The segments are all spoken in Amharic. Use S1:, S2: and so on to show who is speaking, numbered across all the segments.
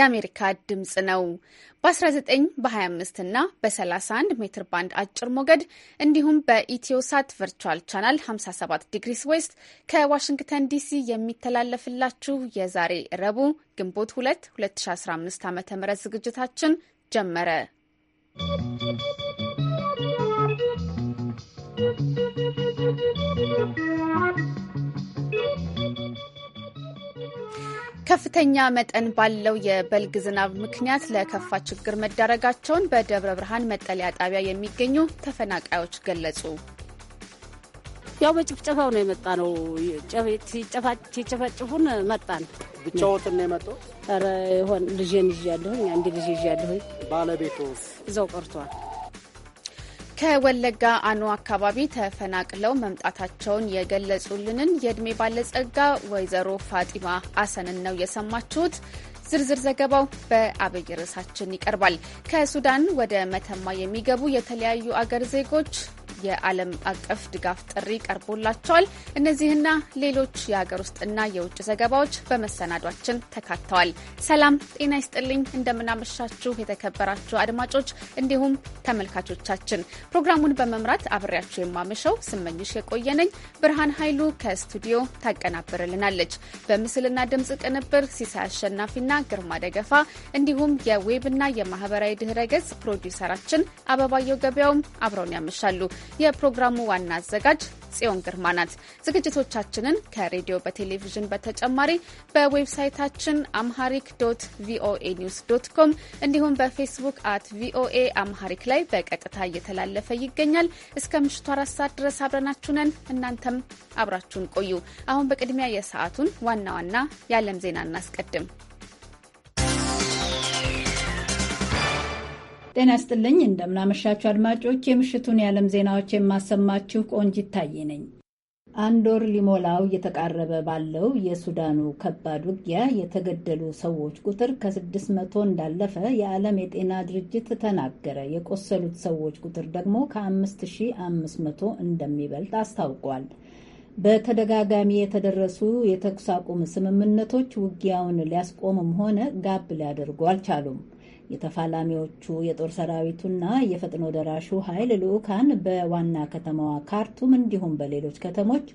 S1: የአሜሪካ ድምፅ ነው። በ19 በ25 እና በ31 ሜትር ባንድ አጭር ሞገድ እንዲሁም በኢትዮሳት ቨርቹዋል ቻናል 57 ዲግሪስ ዌስት ከዋሽንግተን ዲሲ የሚተላለፍላችሁ የዛሬ ረቡዕ ግንቦት 2 2015 ዓ ም ዝግጅታችን ጀመረ። ከፍተኛ መጠን ባለው የበልግ ዝናብ ምክንያት ለከፋ ችግር መዳረጋቸውን በደብረ ብርሃን መጠለያ ጣቢያ የሚገኙ ተፈናቃዮች ገለጹ።
S2: ያው በጭፍጨፋው ነው የመጣ ነው። ሲጨፈጭፉን መጣን። ብቻዎትን ነው የመጡ? ኧረ ይሆን ልጄን ይዤ ያለሁኝ አንድ ልጄ ይዤ ያለሁኝ። ባለቤቱ እዛው ቀርቷል።
S1: ከወለጋ አኖ አካባቢ ተፈናቅለው መምጣታቸውን የገለጹልንን የእድሜ ባለጸጋ ወይዘሮ ፋጢማ አሰንን ነው የሰማችሁት። ዝርዝር ዘገባው በአብይ ርዕሳችን ይቀርባል። ከሱዳን ወደ መተማ የሚገቡ የተለያዩ አገር ዜጎች የዓለም አቀፍ ድጋፍ ጥሪ ቀርቦላቸዋል። እነዚህና ሌሎች የሀገር ውስጥና የውጭ ዘገባዎች በመሰናዷችን ተካተዋል። ሰላም ጤና ይስጥልኝ። እንደምናመሻችሁ የተከበራችሁ አድማጮች እንዲሁም ተመልካቾቻችን ፕሮግራሙን በመምራት አብሬያችሁ የማመሸው ስመኝሽ የቆየነኝ ብርሃን ኃይሉ ከስቱዲዮ ታቀናብርልናለች። በምስልና ድምፅ ቅንብር ሲሳይ አሸናፊና ግርማ ደገፋ እንዲሁም የዌብና የማህበራዊ ድህረ ገጽ ፕሮዲውሰራችን አበባየው ገበያውም አብረውን ያመሻሉ። የፕሮግራሙ ዋና አዘጋጅ ጽዮን ግርማ ናት። ዝግጅቶቻችንን ከሬዲዮ በቴሌቪዥን በተጨማሪ በዌብሳይታችን አምሃሪክ ዶት ቪኦኤ ኒውስ ዶት ኮም እንዲሁም በፌስቡክ አት ቪኦኤ አምሃሪክ ላይ በቀጥታ እየተላለፈ ይገኛል። እስከ ምሽቱ አራት ሰዓት ድረስ አብረናችሁ ነን። እናንተም አብራችሁን ቆዩ። አሁን በቅድሚያ የሰዓቱን ዋና ዋና የዓለም
S2: ዜና እናስቀድም። ጤና ይስጥልኝ እንደምናመሻችሁ አድማጮች፣ የምሽቱን የዓለም ዜናዎች የማሰማችሁ ቆንጅ ይታይ ነኝ። አንድ ወር ሊሞላው እየተቃረበ ባለው የሱዳኑ ከባድ ውጊያ የተገደሉ ሰዎች ቁጥር ከ600 እንዳለፈ የዓለም የጤና ድርጅት ተናገረ። የቆሰሉት ሰዎች ቁጥር ደግሞ ከ5500 እንደሚበልጥ አስታውቋል። በተደጋጋሚ የተደረሱ የተኩስ አቁም ስምምነቶች ውጊያውን ሊያስቆምም ሆነ ጋብ ሊያደርጉ አልቻሉም። የተፋላሚዎቹ የጦር ሰራዊቱና የፈጥኖ ደራሹ ኃይል ልዑካን በዋና ከተማዋ ካርቱም እንዲሁም በሌሎች ከተሞች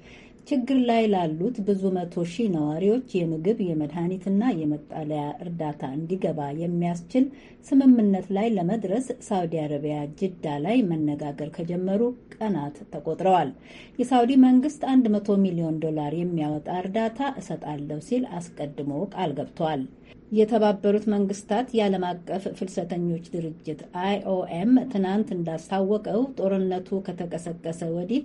S2: ችግር ላይ ላሉት ብዙ መቶ ሺህ ነዋሪዎች የምግብ የመድኃኒትና የመጠለያ እርዳታ እንዲገባ የሚያስችል ስምምነት ላይ ለመድረስ ሳውዲ አረቢያ ጅዳ ላይ መነጋገር ከጀመሩ ቀናት ተቆጥረዋል። የሳውዲ መንግስት 100 ሚሊዮን ዶላር የሚያወጣ እርዳታ እሰጣለሁ ሲል አስቀድሞ ቃል ገብቷል። የተባበሩት መንግስታት የዓለም አቀፍ ፍልሰተኞች ድርጅት አይኦኤም ትናንት እንዳስታወቀው ጦርነቱ ከተቀሰቀሰ ወዲህ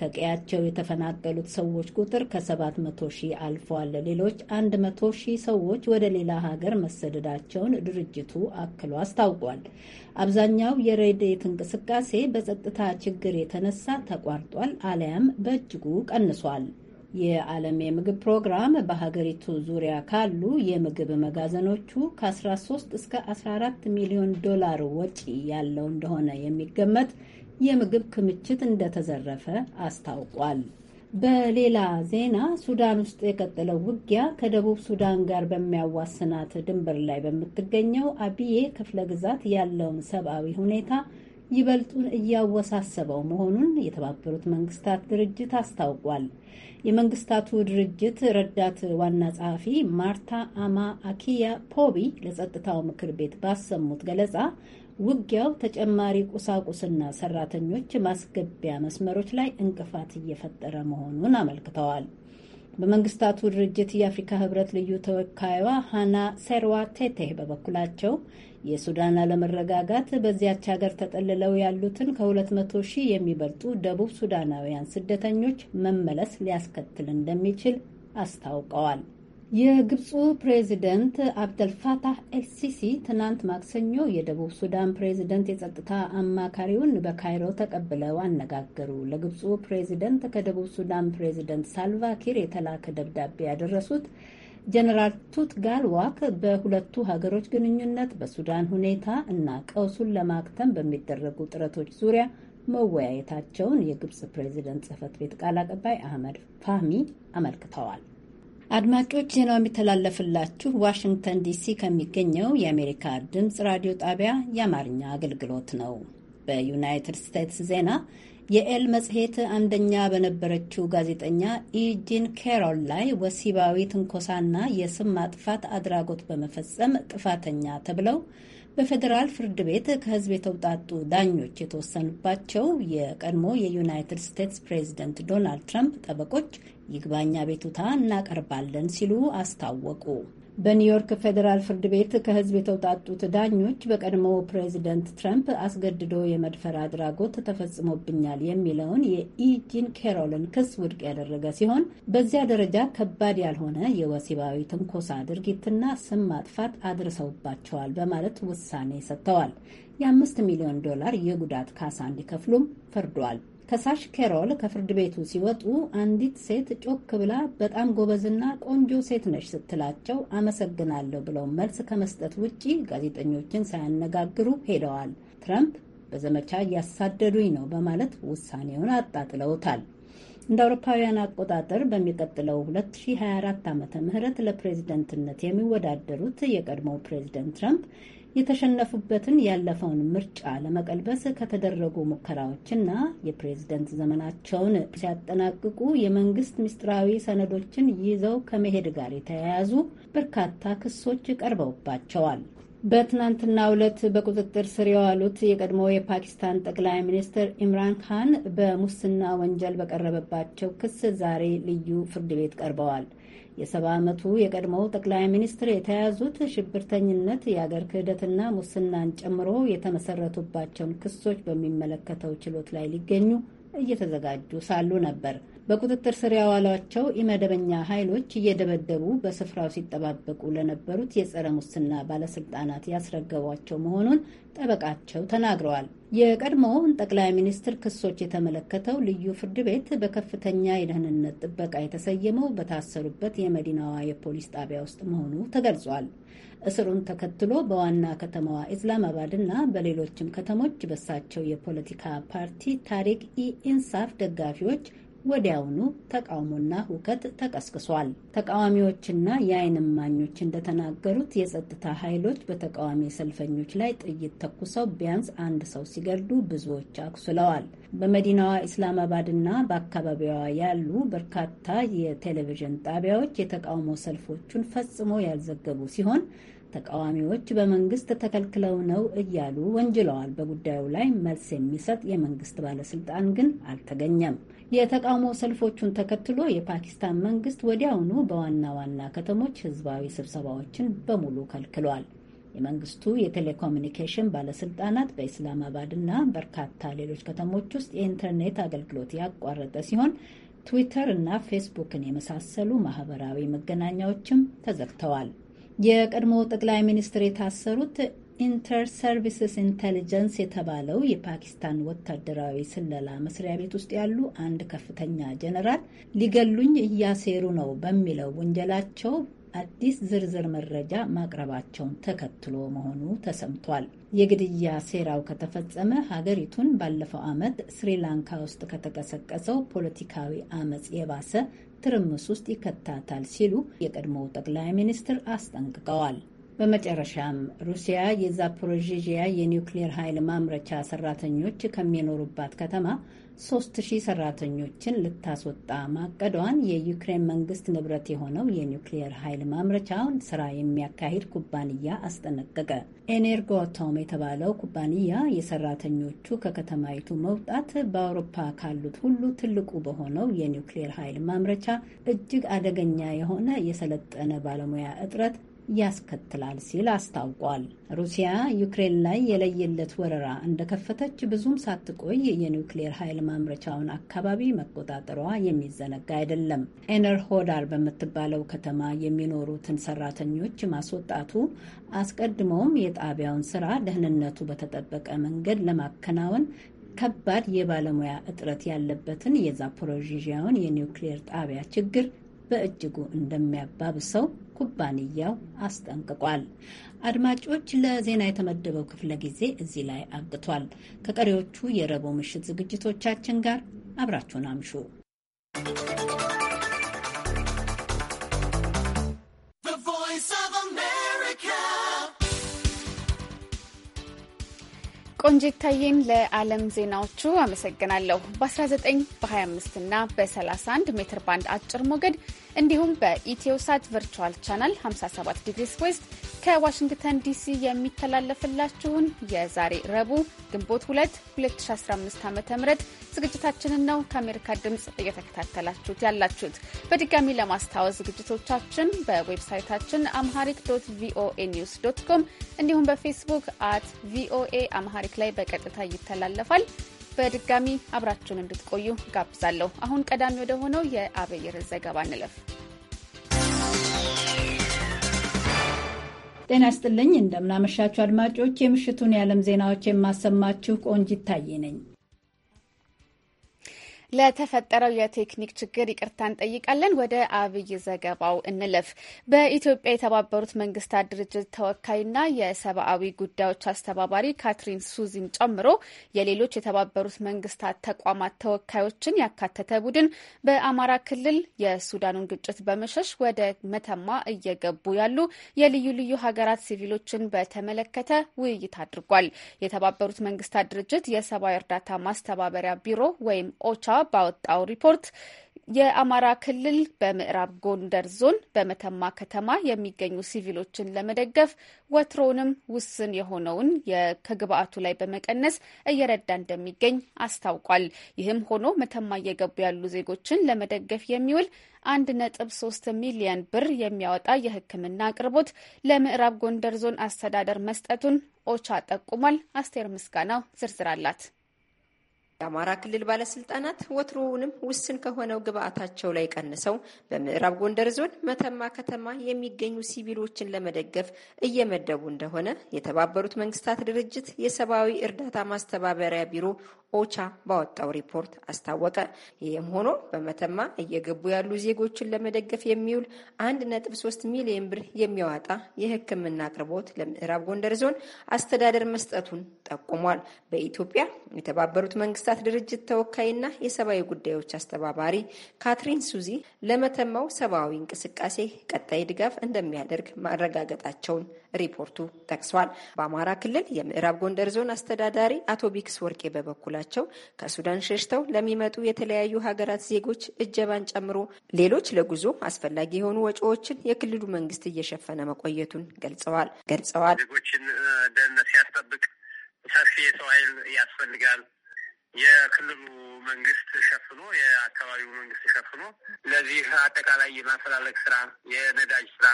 S2: ከቀያቸው የተፈናቀሉት ሰዎች ቁጥር ከ700 ሺህ አልፏል። ሌሎች 100 ሺህ ሰዎች ወደ ሌላ ሀገር መሰደዳቸውን ድርጅቱ አክሎ አስታውቋል። አብዛኛው የረድኤት እንቅስቃሴ በጸጥታ ችግር የተነሳ ተቋርጧል አሊያም በእጅጉ ቀንሷል። የዓለም የምግብ ፕሮግራም በሀገሪቱ ዙሪያ ካሉ የምግብ መጋዘኖቹ ከ13 እስከ 14 ሚሊዮን ዶላር ወጪ ያለው እንደሆነ የሚገመት የምግብ ክምችት እንደተዘረፈ አስታውቋል። በሌላ ዜና ሱዳን ውስጥ የቀጠለው ውጊያ ከደቡብ ሱዳን ጋር በሚያዋስናት ድንበር ላይ በምትገኘው አብዬ ክፍለ ግዛት ያለውን ሰብአዊ ሁኔታ ይበልጡን እያወሳሰበው መሆኑን የተባበሩት መንግስታት ድርጅት አስታውቋል። የመንግስታቱ ድርጅት ረዳት ዋና ጸሐፊ ማርታ አማ አኪያ ፖቢ ለጸጥታው ምክር ቤት ባሰሙት ገለጻ ውጊያው ተጨማሪ ቁሳቁስና ሰራተኞች ማስገቢያ መስመሮች ላይ እንቅፋት እየፈጠረ መሆኑን አመልክተዋል። በመንግስታቱ ድርጅት የአፍሪካ ህብረት ልዩ ተወካይዋ ሃና ሴርዋ ቴቴህ በበኩላቸው የሱዳን አለመረጋጋት በዚያች ሀገር ተጠልለው ያሉትን ከ200 ሺህ የሚበልጡ ደቡብ ሱዳናውያን ስደተኞች መመለስ ሊያስከትል እንደሚችል አስታውቀዋል። የግብፁ ፕሬዚደንት አብደልፋታህ ኤልሲሲ ትናንት ማክሰኞ የደቡብ ሱዳን ፕሬዚደንት የጸጥታ አማካሪውን በካይሮ ተቀብለው አነጋገሩ። ለግብፁ ፕሬዚደንት ከደቡብ ሱዳን ፕሬዚደንት ሳልቫኪር የተላከ ደብዳቤ ያደረሱት ጀነራል ቱት ጋልዋክ በሁለቱ ሀገሮች ግንኙነት፣ በሱዳን ሁኔታ እና ቀውሱን ለማክተም በሚደረጉ ጥረቶች ዙሪያ መወያየታቸውን የግብጽ ፕሬዚደንት ጽህፈት ቤት ቃል አቀባይ አህመድ ፋህሚ አመልክተዋል። አድማጮች ዜናው የሚተላለፍላችሁ ዋሽንግተን ዲሲ ከሚገኘው የአሜሪካ ድምፅ ራዲዮ ጣቢያ የአማርኛ አገልግሎት ነው። በዩናይትድ ስቴትስ ዜና የኤል መጽሔት አንደኛ በነበረችው ጋዜጠኛ ኢጂን ኬሮል ላይ ወሲባዊ ትንኮሳና የስም ማጥፋት አድራጎት በመፈጸም ጥፋተኛ ተብለው በፌዴራል ፍርድ ቤት ከህዝብ የተውጣጡ ዳኞች የተወሰኑባቸው የቀድሞ የዩናይትድ ስቴትስ ፕሬዚደንት ዶናልድ ትራምፕ ጠበቆች ይግባኝ አቤቱታ እናቀርባለን ሲሉ አስታወቁ። በኒውዮርክ ፌዴራል ፍርድ ቤት ከህዝብ የተውጣጡት ዳኞች በቀድሞው ፕሬዚደንት ትራምፕ አስገድዶ የመድፈር አድራጎት ተፈጽሞብኛል የሚለውን የኢጂን ኬሮልን ክስ ውድቅ ያደረገ ሲሆን በዚያ ደረጃ ከባድ ያልሆነ የወሲባዊ ትንኮሳ ድርጊትና ስም ማጥፋት አድርሰውባቸዋል በማለት ውሳኔ ሰጥተዋል። የአምስት ሚሊዮን ዶላር የጉዳት ካሳ እንዲከፍሉም ፈርዷል። ከሳሽ ኬሮል ከፍርድ ቤቱ ሲወጡ አንዲት ሴት ጮክ ብላ በጣም ጎበዝና ቆንጆ ሴት ነሽ ስትላቸው አመሰግናለሁ ብለው መልስ ከመስጠት ውጪ ጋዜጠኞችን ሳያነጋግሩ ሄደዋል። ትራምፕ በዘመቻ እያሳደዱኝ ነው በማለት ውሳኔውን አጣጥለውታል። እንደ አውሮፓውያን አቆጣጠር በሚቀጥለው 2024 ዓ ም ለፕሬዝደንትነት የሚወዳደሩት የቀድሞው ፕሬዝደንት ትራምፕ የተሸነፉበትን ያለፈውን ምርጫ ለመቀልበስ ከተደረጉ ሙከራዎችና የፕሬዝደንት ዘመናቸውን ሲያጠናቅቁ የመንግስት ምስጢራዊ ሰነዶችን ይዘው ከመሄድ ጋር የተያያዙ በርካታ ክሶች ቀርበውባቸዋል። በትናንትናው ዕለት በቁጥጥር ስር የዋሉት የቀድሞ የፓኪስታን ጠቅላይ ሚኒስትር ኢምራን ካን በሙስና ወንጀል በቀረበባቸው ክስ ዛሬ ልዩ ፍርድ ቤት ቀርበዋል። የሰባ ዓመቱ የቀድሞው ጠቅላይ ሚኒስትር የተያዙት ሽብርተኝነት፣ የአገር ክህደትና ሙስናን ጨምሮ የተመሰረቱባቸውን ክሶች በሚመለከተው ችሎት ላይ ሊገኙ እየተዘጋጁ ሳሉ ነበር። በቁጥጥር ስር ያዋሏቸው ኢመደበኛ ኃይሎች እየደበደቡ በስፍራው ሲጠባበቁ ለነበሩት የጸረ ሙስና ባለስልጣናት ያስረገቧቸው መሆኑን ጠበቃቸው ተናግረዋል። የቀድሞውን ጠቅላይ ሚኒስትር ክሶች የተመለከተው ልዩ ፍርድ ቤት በከፍተኛ የደህንነት ጥበቃ የተሰየመው በታሰሩበት የመዲናዋ የፖሊስ ጣቢያ ውስጥ መሆኑ ተገልጿል። እስሩን ተከትሎ በዋና ከተማዋ ኢስላማባድ እና በሌሎችም ከተሞች በሳቸው የፖለቲካ ፓርቲ ታሪክ ኢኢንሳፍ ደጋፊዎች ወዲያውኑ ተቃውሞና ሁከት ተቀስቅሷል። ተቃዋሚዎችና የዓይን እማኞች እንደተናገሩት የጸጥታ ኃይሎች በተቃዋሚ ሰልፈኞች ላይ ጥይት ተኩሰው ቢያንስ አንድ ሰው ሲገድሉ ብዙዎች አቁስለዋል። በመዲናዋ ኢስላማባድና በአካባቢዋ ያሉ በርካታ የቴሌቪዥን ጣቢያዎች የተቃውሞ ሰልፎቹን ፈጽሞ ያልዘገቡ ሲሆን ተቃዋሚዎች በመንግስት ተከልክለው ነው እያሉ ወንጅለዋል። በጉዳዩ ላይ መልስ የሚሰጥ የመንግስት ባለስልጣን ግን አልተገኘም። የተቃውሞ ሰልፎቹን ተከትሎ የፓኪስታን መንግስት ወዲያውኑ በዋና ዋና ከተሞች ህዝባዊ ስብሰባዎችን በሙሉ ከልክሏል። የመንግስቱ የቴሌኮሚኒኬሽን ባለስልጣናት በኢስላማባድ እና በርካታ ሌሎች ከተሞች ውስጥ የኢንተርኔት አገልግሎት ያቋረጠ ሲሆን ትዊተር እና ፌስቡክን የመሳሰሉ ማህበራዊ መገናኛዎችም ተዘግተዋል። የቀድሞ ጠቅላይ ሚኒስትር የታሰሩት ኢንተር ሰርቪስስ ኢንቴሊጀንስ የተባለው የፓኪስታን ወታደራዊ ስለላ መስሪያ ቤት ውስጥ ያሉ አንድ ከፍተኛ ጀነራል ሊገሉኝ እያሴሩ ነው በሚለው ወንጀላቸው አዲስ ዝርዝር መረጃ ማቅረባቸውን ተከትሎ መሆኑ ተሰምቷል። የግድያ ሴራው ከተፈጸመ ሀገሪቱን ባለፈው ዓመት ስሪላንካ ውስጥ ከተቀሰቀሰው ፖለቲካዊ አመጽ የባሰ ትርምስ ውስጥ ይከታታል ሲሉ የቀድሞው ጠቅላይ ሚኒስትር አስጠንቅቀዋል። በመጨረሻም ሩሲያ የዛፖሮዥያ የኒውክሌር ኃይል ማምረቻ ሰራተኞች ከሚኖሩባት ከተማ 3000 ሰራተኞችን ልታስወጣ ማቀዷን የዩክሬን መንግስት ንብረት የሆነው የኒውክሌር ኃይል ማምረቻውን ስራ የሚያካሂድ ኩባንያ አስጠነቀቀ። ኤኔርጎቶም የተባለው ኩባንያ የሰራተኞቹ ከከተማይቱ መውጣት በአውሮፓ ካሉት ሁሉ ትልቁ በሆነው የኒውክሌር ኃይል ማምረቻ እጅግ አደገኛ የሆነ የሰለጠነ ባለሙያ እጥረት ያስከትላል ሲል አስታውቋል። ሩሲያ ዩክሬን ላይ የለየለት ወረራ እንደከፈተች ብዙም ሳትቆይ የኒውክሌር ኃይል ማምረቻውን አካባቢ መቆጣጠሯ የሚዘነጋ አይደለም። ኤነር ሆዳር በምትባለው ከተማ የሚኖሩትን ሰራተኞች ማስወጣቱ፣ አስቀድሞውም የጣቢያውን ስራ ደህንነቱ በተጠበቀ መንገድ ለማከናወን ከባድ የባለሙያ እጥረት ያለበትን የዛፖሮዥያን የኒውክሌር ጣቢያ ችግር በእጅጉ እንደሚያባብሰው ኩባንያው አስጠንቅቋል። አድማጮች፣ ለዜና የተመደበው ክፍለ ጊዜ እዚህ ላይ አብቅቷል። ከቀሪዎቹ የረቡዕ ምሽት ዝግጅቶቻችን ጋር አብራችሁን አምሹ።
S1: ቆንጂት ታዬን ለዓለም ዜናዎቹ አመሰግናለሁ። በ19 በ25 እና በ31 ሜትር ባንድ አጭር ሞገድ እንዲሁም በኢትዮሳት ቨርቹዋል ቻናል 57 ዲግሪ ስዌስት ከዋሽንግተን ዲሲ የሚተላለፍላችሁን የዛሬ ረቡዕ ግንቦት 2 2015 ዓ ም ዝግጅታችንን ነው ከአሜሪካ ድምፅ እየተከታተላችሁት ያላችሁት። በድጋሚ ለማስታወስ ዝግጅቶቻችን በዌብሳይታችን አምሃሪክ ዶት ቪኦኤ ኒውስ ዶት ኮም እንዲሁም በፌስቡክ አት ቪኦኤ አምሃሪክ ላይ በቀጥታ ይተላለፋል። በድጋሚ አብራችሁን እንድትቆዩ ጋብዛለሁ። አሁን ቀዳሚ ወደ ሆነው የአብይ ዘገባ እንለፍ።
S2: ጤና ይስጥልኝ እንደምናመሻችሁ አድማጮች፣ የምሽቱን የዓለም ዜናዎች የማሰማችሁ ቆንጅ ይታየ። ነኝ። ለተፈጠረው
S1: የቴክኒክ ችግር ይቅርታ እንጠይቃለን። ወደ አብይ ዘገባው እንለፍ። በኢትዮጵያ የተባበሩት መንግስታት ድርጅት ተወካይና የሰብአዊ ጉዳዮች አስተባባሪ ካትሪን ሱዚን ጨምሮ የሌሎች የተባበሩት መንግስታት ተቋማት ተወካዮችን ያካተተ ቡድን በአማራ ክልል የሱዳኑን ግጭት በመሸሽ ወደ መተማ እየገቡ ያሉ የልዩ ልዩ ሀገራት ሲቪሎችን በተመለከተ ውይይት አድርጓል። የተባበሩት መንግስታት ድርጅት የሰብአዊ እርዳታ ማስተባበሪያ ቢሮ ወይም ኦቻ ባወጣው ሪፖርት የአማራ ክልል በምዕራብ ጎንደር ዞን በመተማ ከተማ የሚገኙ ሲቪሎችን ለመደገፍ ወትሮውንም ውስን የሆነውን ከግብአቱ ላይ በመቀነስ እየረዳ እንደሚገኝ አስታውቋል። ይህም ሆኖ መተማ እየገቡ ያሉ ዜጎችን ለመደገፍ የሚውል አንድ ነጥብ ሶስት ሚሊየን ብር የሚያወጣ የሕክምና አቅርቦት ለምዕራብ ጎንደር ዞን አስተዳደር መስጠቱን ኦቻ ጠቁሟል። አስቴር
S3: ምስጋናው ዝርዝር አላት። የአማራ ክልል ባለስልጣናት ወትሮውንም ውስን ከሆነው ግብአታቸው ላይ ቀንሰው በምዕራብ ጎንደር ዞን መተማ ከተማ የሚገኙ ሲቪሎችን ለመደገፍ እየመደቡ እንደሆነ የተባበሩት መንግስታት ድርጅት የሰብአዊ እርዳታ ማስተባበሪያ ቢሮ ኦቻ ባወጣው ሪፖርት አስታወቀ። ይህም ሆኖ በመተማ እየገቡ ያሉ ዜጎችን ለመደገፍ የሚውል 1.3 ሚሊዮን ብር የሚያወጣ የሕክምና አቅርቦት ለምዕራብ ጎንደር ዞን አስተዳደር መስጠቱን ጠቁሟል። በኢትዮጵያ የተባበሩት መንግስታት ድርጅት ተወካይና የሰብአዊ ጉዳዮች አስተባባሪ ካትሪን ሱዚ ለመተማው ሰብአዊ እንቅስቃሴ ቀጣይ ድጋፍ እንደሚያደርግ ማረጋገጣቸውን ሪፖርቱ ጠቅሷል። በአማራ ክልል የምዕራብ ጎንደር ዞን አስተዳዳሪ አቶ ቢክስ ወርቄ በበኩላቸው ከሱዳን ሸሽተው ለሚመጡ የተለያዩ ሀገራት ዜጎች እጀባን ጨምሮ ሌሎች ለጉዞ አስፈላጊ የሆኑ ወጪዎችን የክልሉ መንግስት እየሸፈነ መቆየቱን ገልጸዋል ገልጸዋል። ዜጎችን ደህንነት
S4: ሲያስጠብቅ ሰፊ የሰው ኃይል ያስፈልጋል። የክልሉ መንግስት ሸፍኖ የአካባቢው መንግስት ሸፍኖ ለዚህ አጠቃላይ የማፈላለግ ስራ፣ የነዳጅ ስራ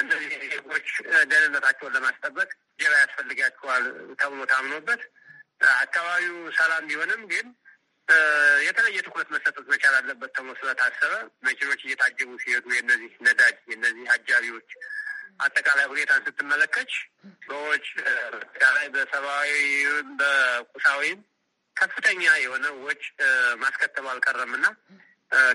S4: እነዚህ ዜጎች ደህንነታቸውን ለማስጠበቅ ጀባ ያስፈልጋቸዋል ተብሎ ታምኖበት አካባቢው ሰላም ቢሆንም ግን የተለየ ትኩረት መሰጠት መቻል አለበት ተብሎ ስለታሰበ መኪኖች እየታጀቡ ሲሄዱ የነዚህ ነዳጅ የነዚህ አጃቢዎች አጠቃላይ ሁኔታን ስትመለከች ሰዎች አጠቃላይ በሰብአዊም በቁሳዊም ከፍተኛ የሆነ ወጪ ማስከተብ አልቀረምና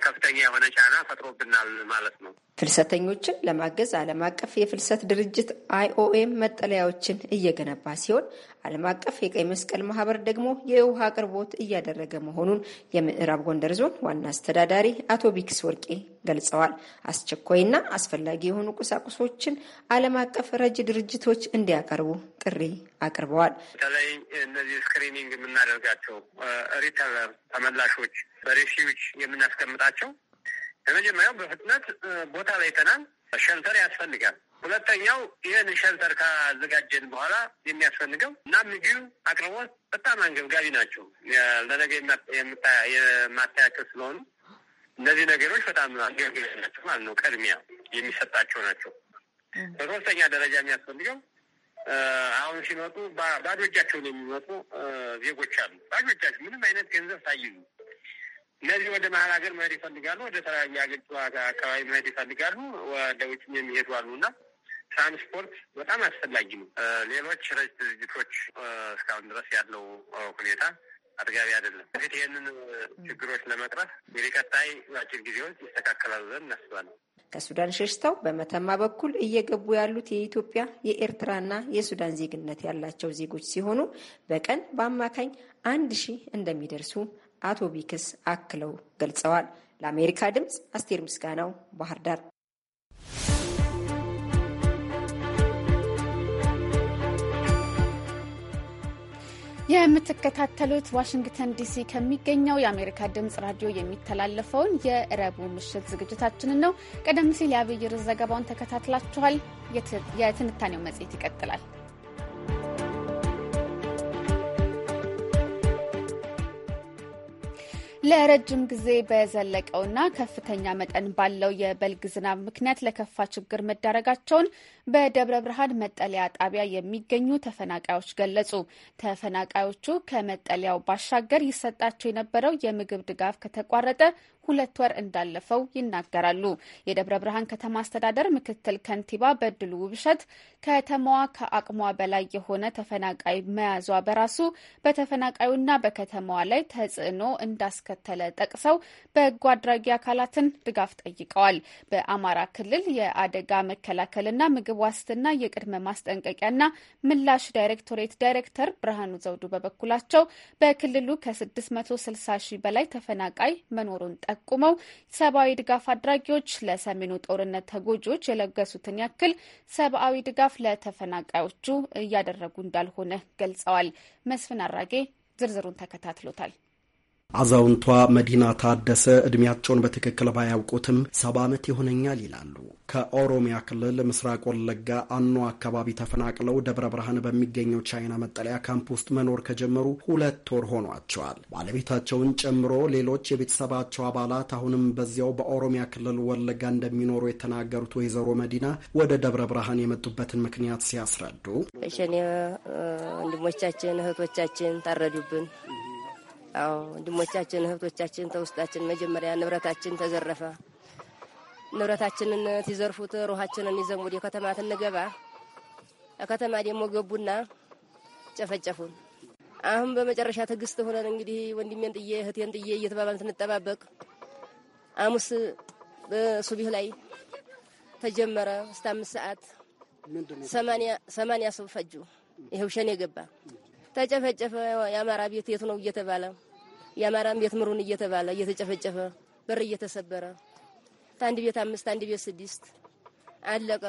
S4: ከፍተኛ የሆነ ጫና ፈጥሮብናል ማለት ነው።
S3: ፍልሰተኞችን ለማገዝ ዓለም አቀፍ የፍልሰት ድርጅት አይኦኤም መጠለያዎችን እየገነባ ሲሆን ዓለም አቀፍ የቀይ መስቀል ማህበር ደግሞ የውሃ አቅርቦት እያደረገ መሆኑን የምዕራብ ጎንደር ዞን ዋና አስተዳዳሪ አቶ ቢክስ ወርቄ ገልጸዋል። አስቸኳይና አስፈላጊ የሆኑ ቁሳቁሶችን ዓለም አቀፍ ረጅ ድርጅቶች እንዲያቀርቡ ጥሪ አቅርበዋል።
S4: በተለይ እነዚህ ስክሪኒንግ የምናደርጋቸው ሪተለር ተመላሾች በሬፊውጅ የምናስቀምጣቸው የመጀመሪያው በፍጥነት ቦታ ለይተናል፣ ሸልተር ያስፈልጋል። ሁለተኛው ይህን ሸልተር ካዘጋጀን በኋላ የሚያስፈልገው እና ምግብ አቅርቦት በጣም አንገብጋቢ ናቸው። ለነገ የማታያቸው ስለሆኑ እነዚህ ነገሮች በጣም አንገብጋቢ ናቸው ማለት ነው። ቅድሚያ የሚሰጣቸው ናቸው። በሶስተኛ ደረጃ የሚያስፈልገው አሁን ሲመጡ ባዶ እጃቸውን የሚመጡ ዜጎች አሉ። ባዶ እጃቸው ምንም አይነት ገንዘብ ሳይዙ እነዚህ ወደ መሀል ሀገር መሄድ ይፈልጋሉ፣ ወደ ተለያየ ሀገሪቱ አካባቢ መሄድ ይፈልጋሉ፣ ወደ ውጭም የሚሄዱ አሉ እና ትራንስፖርት በጣም አስፈላጊ ነው። ሌሎች ረጅ ድርጅቶች እስካሁን ድረስ ያለው ሁኔታ አጥጋቢ አይደለም። እንግዲህ ይህንን ችግሮች ለመቅረፍ የቀጣይ አጭር ጊዜዎች ይስተካከላሉ ብለን እናስባለን።
S3: ከሱዳን ሸሽተው በመተማ በኩል እየገቡ ያሉት የኢትዮጵያ የኤርትራና የሱዳን ዜግነት ያላቸው ዜጎች ሲሆኑ በቀን በአማካኝ አንድ ሺህ እንደሚደርሱ አቶ ቢክስ አክለው ገልጸዋል። ለአሜሪካ ድምፅ አስቴር ምስጋናው ባህር ዳር።
S1: የምትከታተሉት ዋሽንግተን ዲሲ ከሚገኘው የአሜሪካ ድምጽ ራዲዮ የሚተላለፈውን የረቡ ምሽት ዝግጅታችንን ነው። ቀደም ሲል የአብይር ዘገባውን ተከታትላችኋል። የትንታኔው መጽሔት ይቀጥላል። ለረጅም ጊዜ በዘለቀውና ከፍተኛ መጠን ባለው የበልግ ዝናብ ምክንያት ለከፋ ችግር መዳረጋቸውን በደብረ ብርሃን መጠለያ ጣቢያ የሚገኙ ተፈናቃዮች ገለጹ። ተፈናቃዮቹ ከመጠለያው ባሻገር ይሰጣቸው የነበረው የምግብ ድጋፍ ከተቋረጠ ሁለት ወር እንዳለፈው ይናገራሉ። የደብረ ብርሃን ከተማ አስተዳደር ምክትል ከንቲባ በድሉ ውብሸት ከተማዋ ከአቅሟ በላይ የሆነ ተፈናቃይ መያዟ በራሱ በተፈናቃዩና በከተማዋ ላይ ተጽዕኖ እንዳስከተለ ጠቅሰው በጎ አድራጊ አካላትን ድጋፍ ጠይቀዋል። በአማራ ክልል የአደጋ መከላከልና ምግብ ዋስትና የቅድመ ማስጠንቀቂያና ምላሽ ዳይሬክቶሬት ዳይሬክተር ብርሃኑ ዘውዱ በበኩላቸው በክልሉ ከ660 ሺህ በላይ ተፈናቃይ መኖሩን ጠቁመው ሰብአዊ ድጋፍ አድራጊዎች ለሰሜኑ ጦርነት ተጎጂዎች የለገሱትን ያክል ሰብአዊ ድጋፍ ለተፈናቃዮቹ እያደረጉ እንዳልሆነ ገልጸዋል። መስፍን አራጌ ዝርዝሩን ተከታትሎታል።
S5: አዛውንቷ መዲና ታደሰ እድሜያቸውን በትክክል ባያውቁትም ሰባ ዓመት ይሆነኛል ይላሉ። ከኦሮሚያ ክልል ምስራቅ ወለጋ አኖ አካባቢ ተፈናቅለው ደብረ ብርሃን በሚገኘው ቻይና መጠለያ ካምፕ ውስጥ መኖር ከጀመሩ ሁለት ወር ሆኗቸዋል። ባለቤታቸውን ጨምሮ ሌሎች የቤተሰባቸው አባላት አሁንም በዚያው በኦሮሚያ ክልል ወለጋ እንደሚኖሩ የተናገሩት ወይዘሮ መዲና ወደ ደብረ ብርሃን የመጡበትን ምክንያት ሲያስረዱ
S6: ወንድሞቻችን እህቶቻችን ታረዱብን አዎ ወንድሞቻችን እህቶቻችን ተውስጣችን መጀመሪያ ንብረታችን ተዘረፈ። ንብረታችንን ሲዘርፉት ሩሃችንን ይዘን ወደ ከተማ ትንገባ ከተማ ደግሞ ገቡና ጨፈጨፉን። አሁን በመጨረሻ ትዕግስት ሆነን እንግዲህ ወንድሜን ጥዬ እህቴን ጥዬ እየተባባን ስንጠባበቅ አሙስ በሱቢህ ላይ ተጀመረ እስከ አምስት ሰዓት ሰማንያ ሰው ፈጁ። ይኸው ሸኔ ገባ። ተጨፈጨፈ። የአማራ ቤት የት ነው እየተባለ የአማራ ቤት ምሩን እየተባለ እየተጨፈጨፈ በር እየተሰበረ አንድ ቤት አምስት አንድ ቤት ስድስት አለቀ።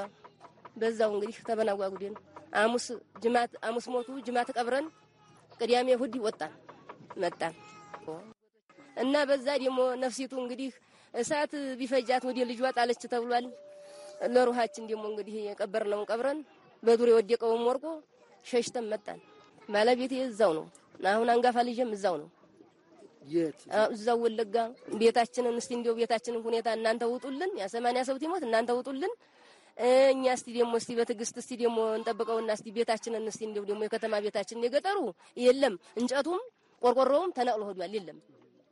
S6: በዛው እንግዲህ ተበናጓጉዴን አሙስ ጅማት አሙስ ሞቱ ጅማት ቀብረን ቅዳሜ እሑድ ወጣን መጣን እና በዛ ደግሞ ነፍሲቱ እንግዲህ እሳት ቢፈጃት ወደ ልጇ ጣለች ተብሏል። ለሩሃችን ደግሞ እንግዲህ የቀበርነውን ቀብረን በዱር የወደቀውም ወርቆ ሸሽተን መጣን። ባለቤቴ እዛው ነው። አሁን አንጋፋ ልጅም እዛው ነው። እዛው ወለጋ ቤታችንን እስቲ እንዲያው ቤታችንን ሁኔታ እናንተ ውጡልን። ያ ሰማንያ ሰው ቲሞት እናንተ ውጡልን። እኛ እስቲ ደግሞ እስቲ በትዕግስት እስቲ ደግሞ እንጠብቀውና እስቲ ቤታችንን እስቲ እንዲያው ደግሞ የከተማ ቤታችንን የገጠሩ የለም እንጨቱም ቆርቆሮውም ተነቅሎ ሆዷል። የለም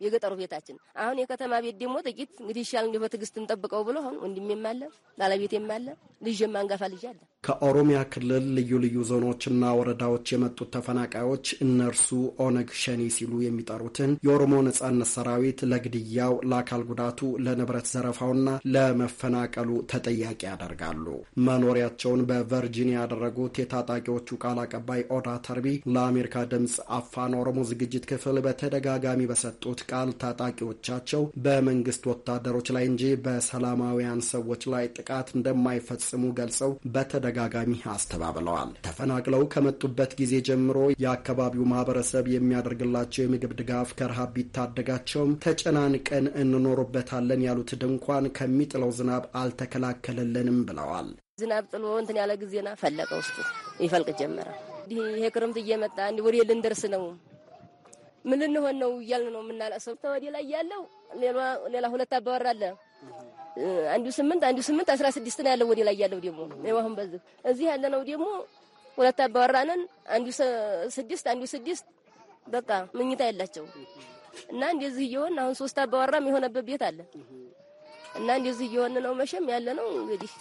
S6: የገጠሩ ቤታችን አሁን የከተማ ቤት ደግሞ ጥቂት እንግዲህ ይሻል እንዲያው በትዕግስት እንጠብቀው ብሎ አሁን ወንድሜም አለ ባለቤቴም አለ ልጅም አንጋፋ ልጅ አለ
S5: ከኦሮሚያ ክልል ልዩ ልዩ ዞኖችና ወረዳዎች የመጡት ተፈናቃዮች እነርሱ ኦነግ ሸኒ ሲሉ የሚጠሩትን የኦሮሞ ነጻነት ሰራዊት ለግድያው፣ ለአካል ጉዳቱ፣ ለንብረት ዘረፋውና ለመፈናቀሉ ተጠያቂ ያደርጋሉ። መኖሪያቸውን በቨርጂኒያ ያደረጉት የታጣቂዎቹ ቃል አቀባይ ኦዳ ተርቢ ለአሜሪካ ድምፅ አፋን ኦሮሞ ዝግጅት ክፍል በተደጋጋሚ በሰጡት ቃል ታጣቂዎቻቸው በመንግስት ወታደሮች ላይ እንጂ በሰላማውያን ሰዎች ላይ ጥቃት እንደማይፈጽሙ ገልጸው በተደ በተደጋጋሚ አስተባብለዋል። ተፈናቅለው ከመጡበት ጊዜ ጀምሮ የአካባቢው ማህበረሰብ የሚያደርግላቸው የምግብ ድጋፍ ከረሃብ ቢታደጋቸውም ተጨናንቀን እንኖርበታለን ያሉት ድንኳን ከሚጥለው ዝናብ አልተከላከለልንም ብለዋል።
S6: ዝናብ ጥሎ እንትን ያለ ጊዜና ፈለቀ
S5: ውስጡ ይፈልቅ ጀመረ።
S6: ይሄ ክረምት እየመጣ እንዲህ ወዴት ልንደርስ ነው? ምን ልንሆን ነው እያልን ነው የምናለቅሰው። ተወዲህ ላይ ያለው ሌላ ሁለት አባወራ አለ አንዱ ስምንት አንዱ ስምንት አስራ ስድስት ነው ያለው። ወደ ላይ ያለው ደግሞ አሁን በዚህ እዚህ ያለ ነው ደግሞ ሁለት አባወራነን አንዱ ስድስት አንዱ ስድስት በቃ ምኝታ ያላቸው እና እንደዚህ እየሆን አሁን ሶስት አባወራም የሆነበት ቤት አለ እና እንደዚህ እየሆን ነው መሸም ያለ ነው እንግዲህ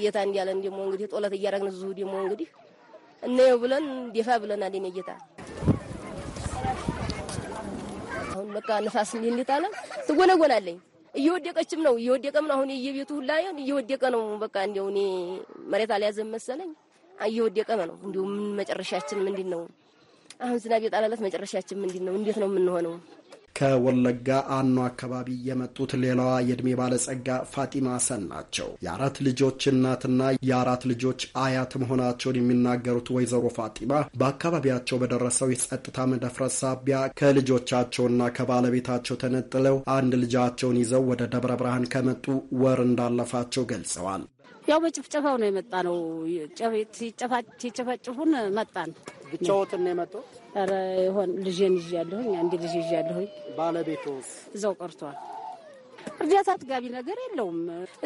S6: ጌታ እንዲያለን ደግሞ እንግዲህ ጦለት እያደረግን እዚሁ ደግሞ እንግዲህ እናየው ብለን ደፋ ብለናል። የኔ ጌታ አሁን በቃ ንፋስ እንዲህ ትጎነጎናለኝ እየወደቀችም ነው እየወደቀም ነው። አሁን የየቤቱ ሁላ እየወደቀ ነው። በቃ እንዲያው እኔ መሬት አልያዘም መሰለኝ እየወደቀም ነው። እንዲሁም ምን መጨረሻችን ምንድን ነው? አሁን ዝናብ የጣለለት መጨረሻችን ምንድን ነው? እንዴት ነው የምንሆነው?
S5: ከወለጋ አኖ አካባቢ የመጡት ሌላዋ የእድሜ ባለጸጋ ፋጢማ ሰን ናቸው። የአራት ልጆች እናትና የአራት ልጆች አያት መሆናቸውን የሚናገሩት ወይዘሮ ፋጢማ በአካባቢያቸው በደረሰው የጸጥታ መደፍረት ሳቢያ ከልጆቻቸውና ከባለቤታቸው ተነጥለው አንድ ልጃቸውን ይዘው ወደ ደብረ ብርሃን ከመጡ ወር እንዳለፋቸው ገልጸዋል።
S7: ያው በጭፍጨፋው ነው የመጣ
S2: ነው። ሲጨፋጭፉን መጣን። ብቻዎትን ነው የመጡት ኧረ ይሆን ልጄን ይዤ ያለሁኝ አንድ ልጅ ይዤ ያለሁኝ። ባለቤቶስ እዛው ቀርቷል። እርዳታ አጥጋቢ ነገር የለውም።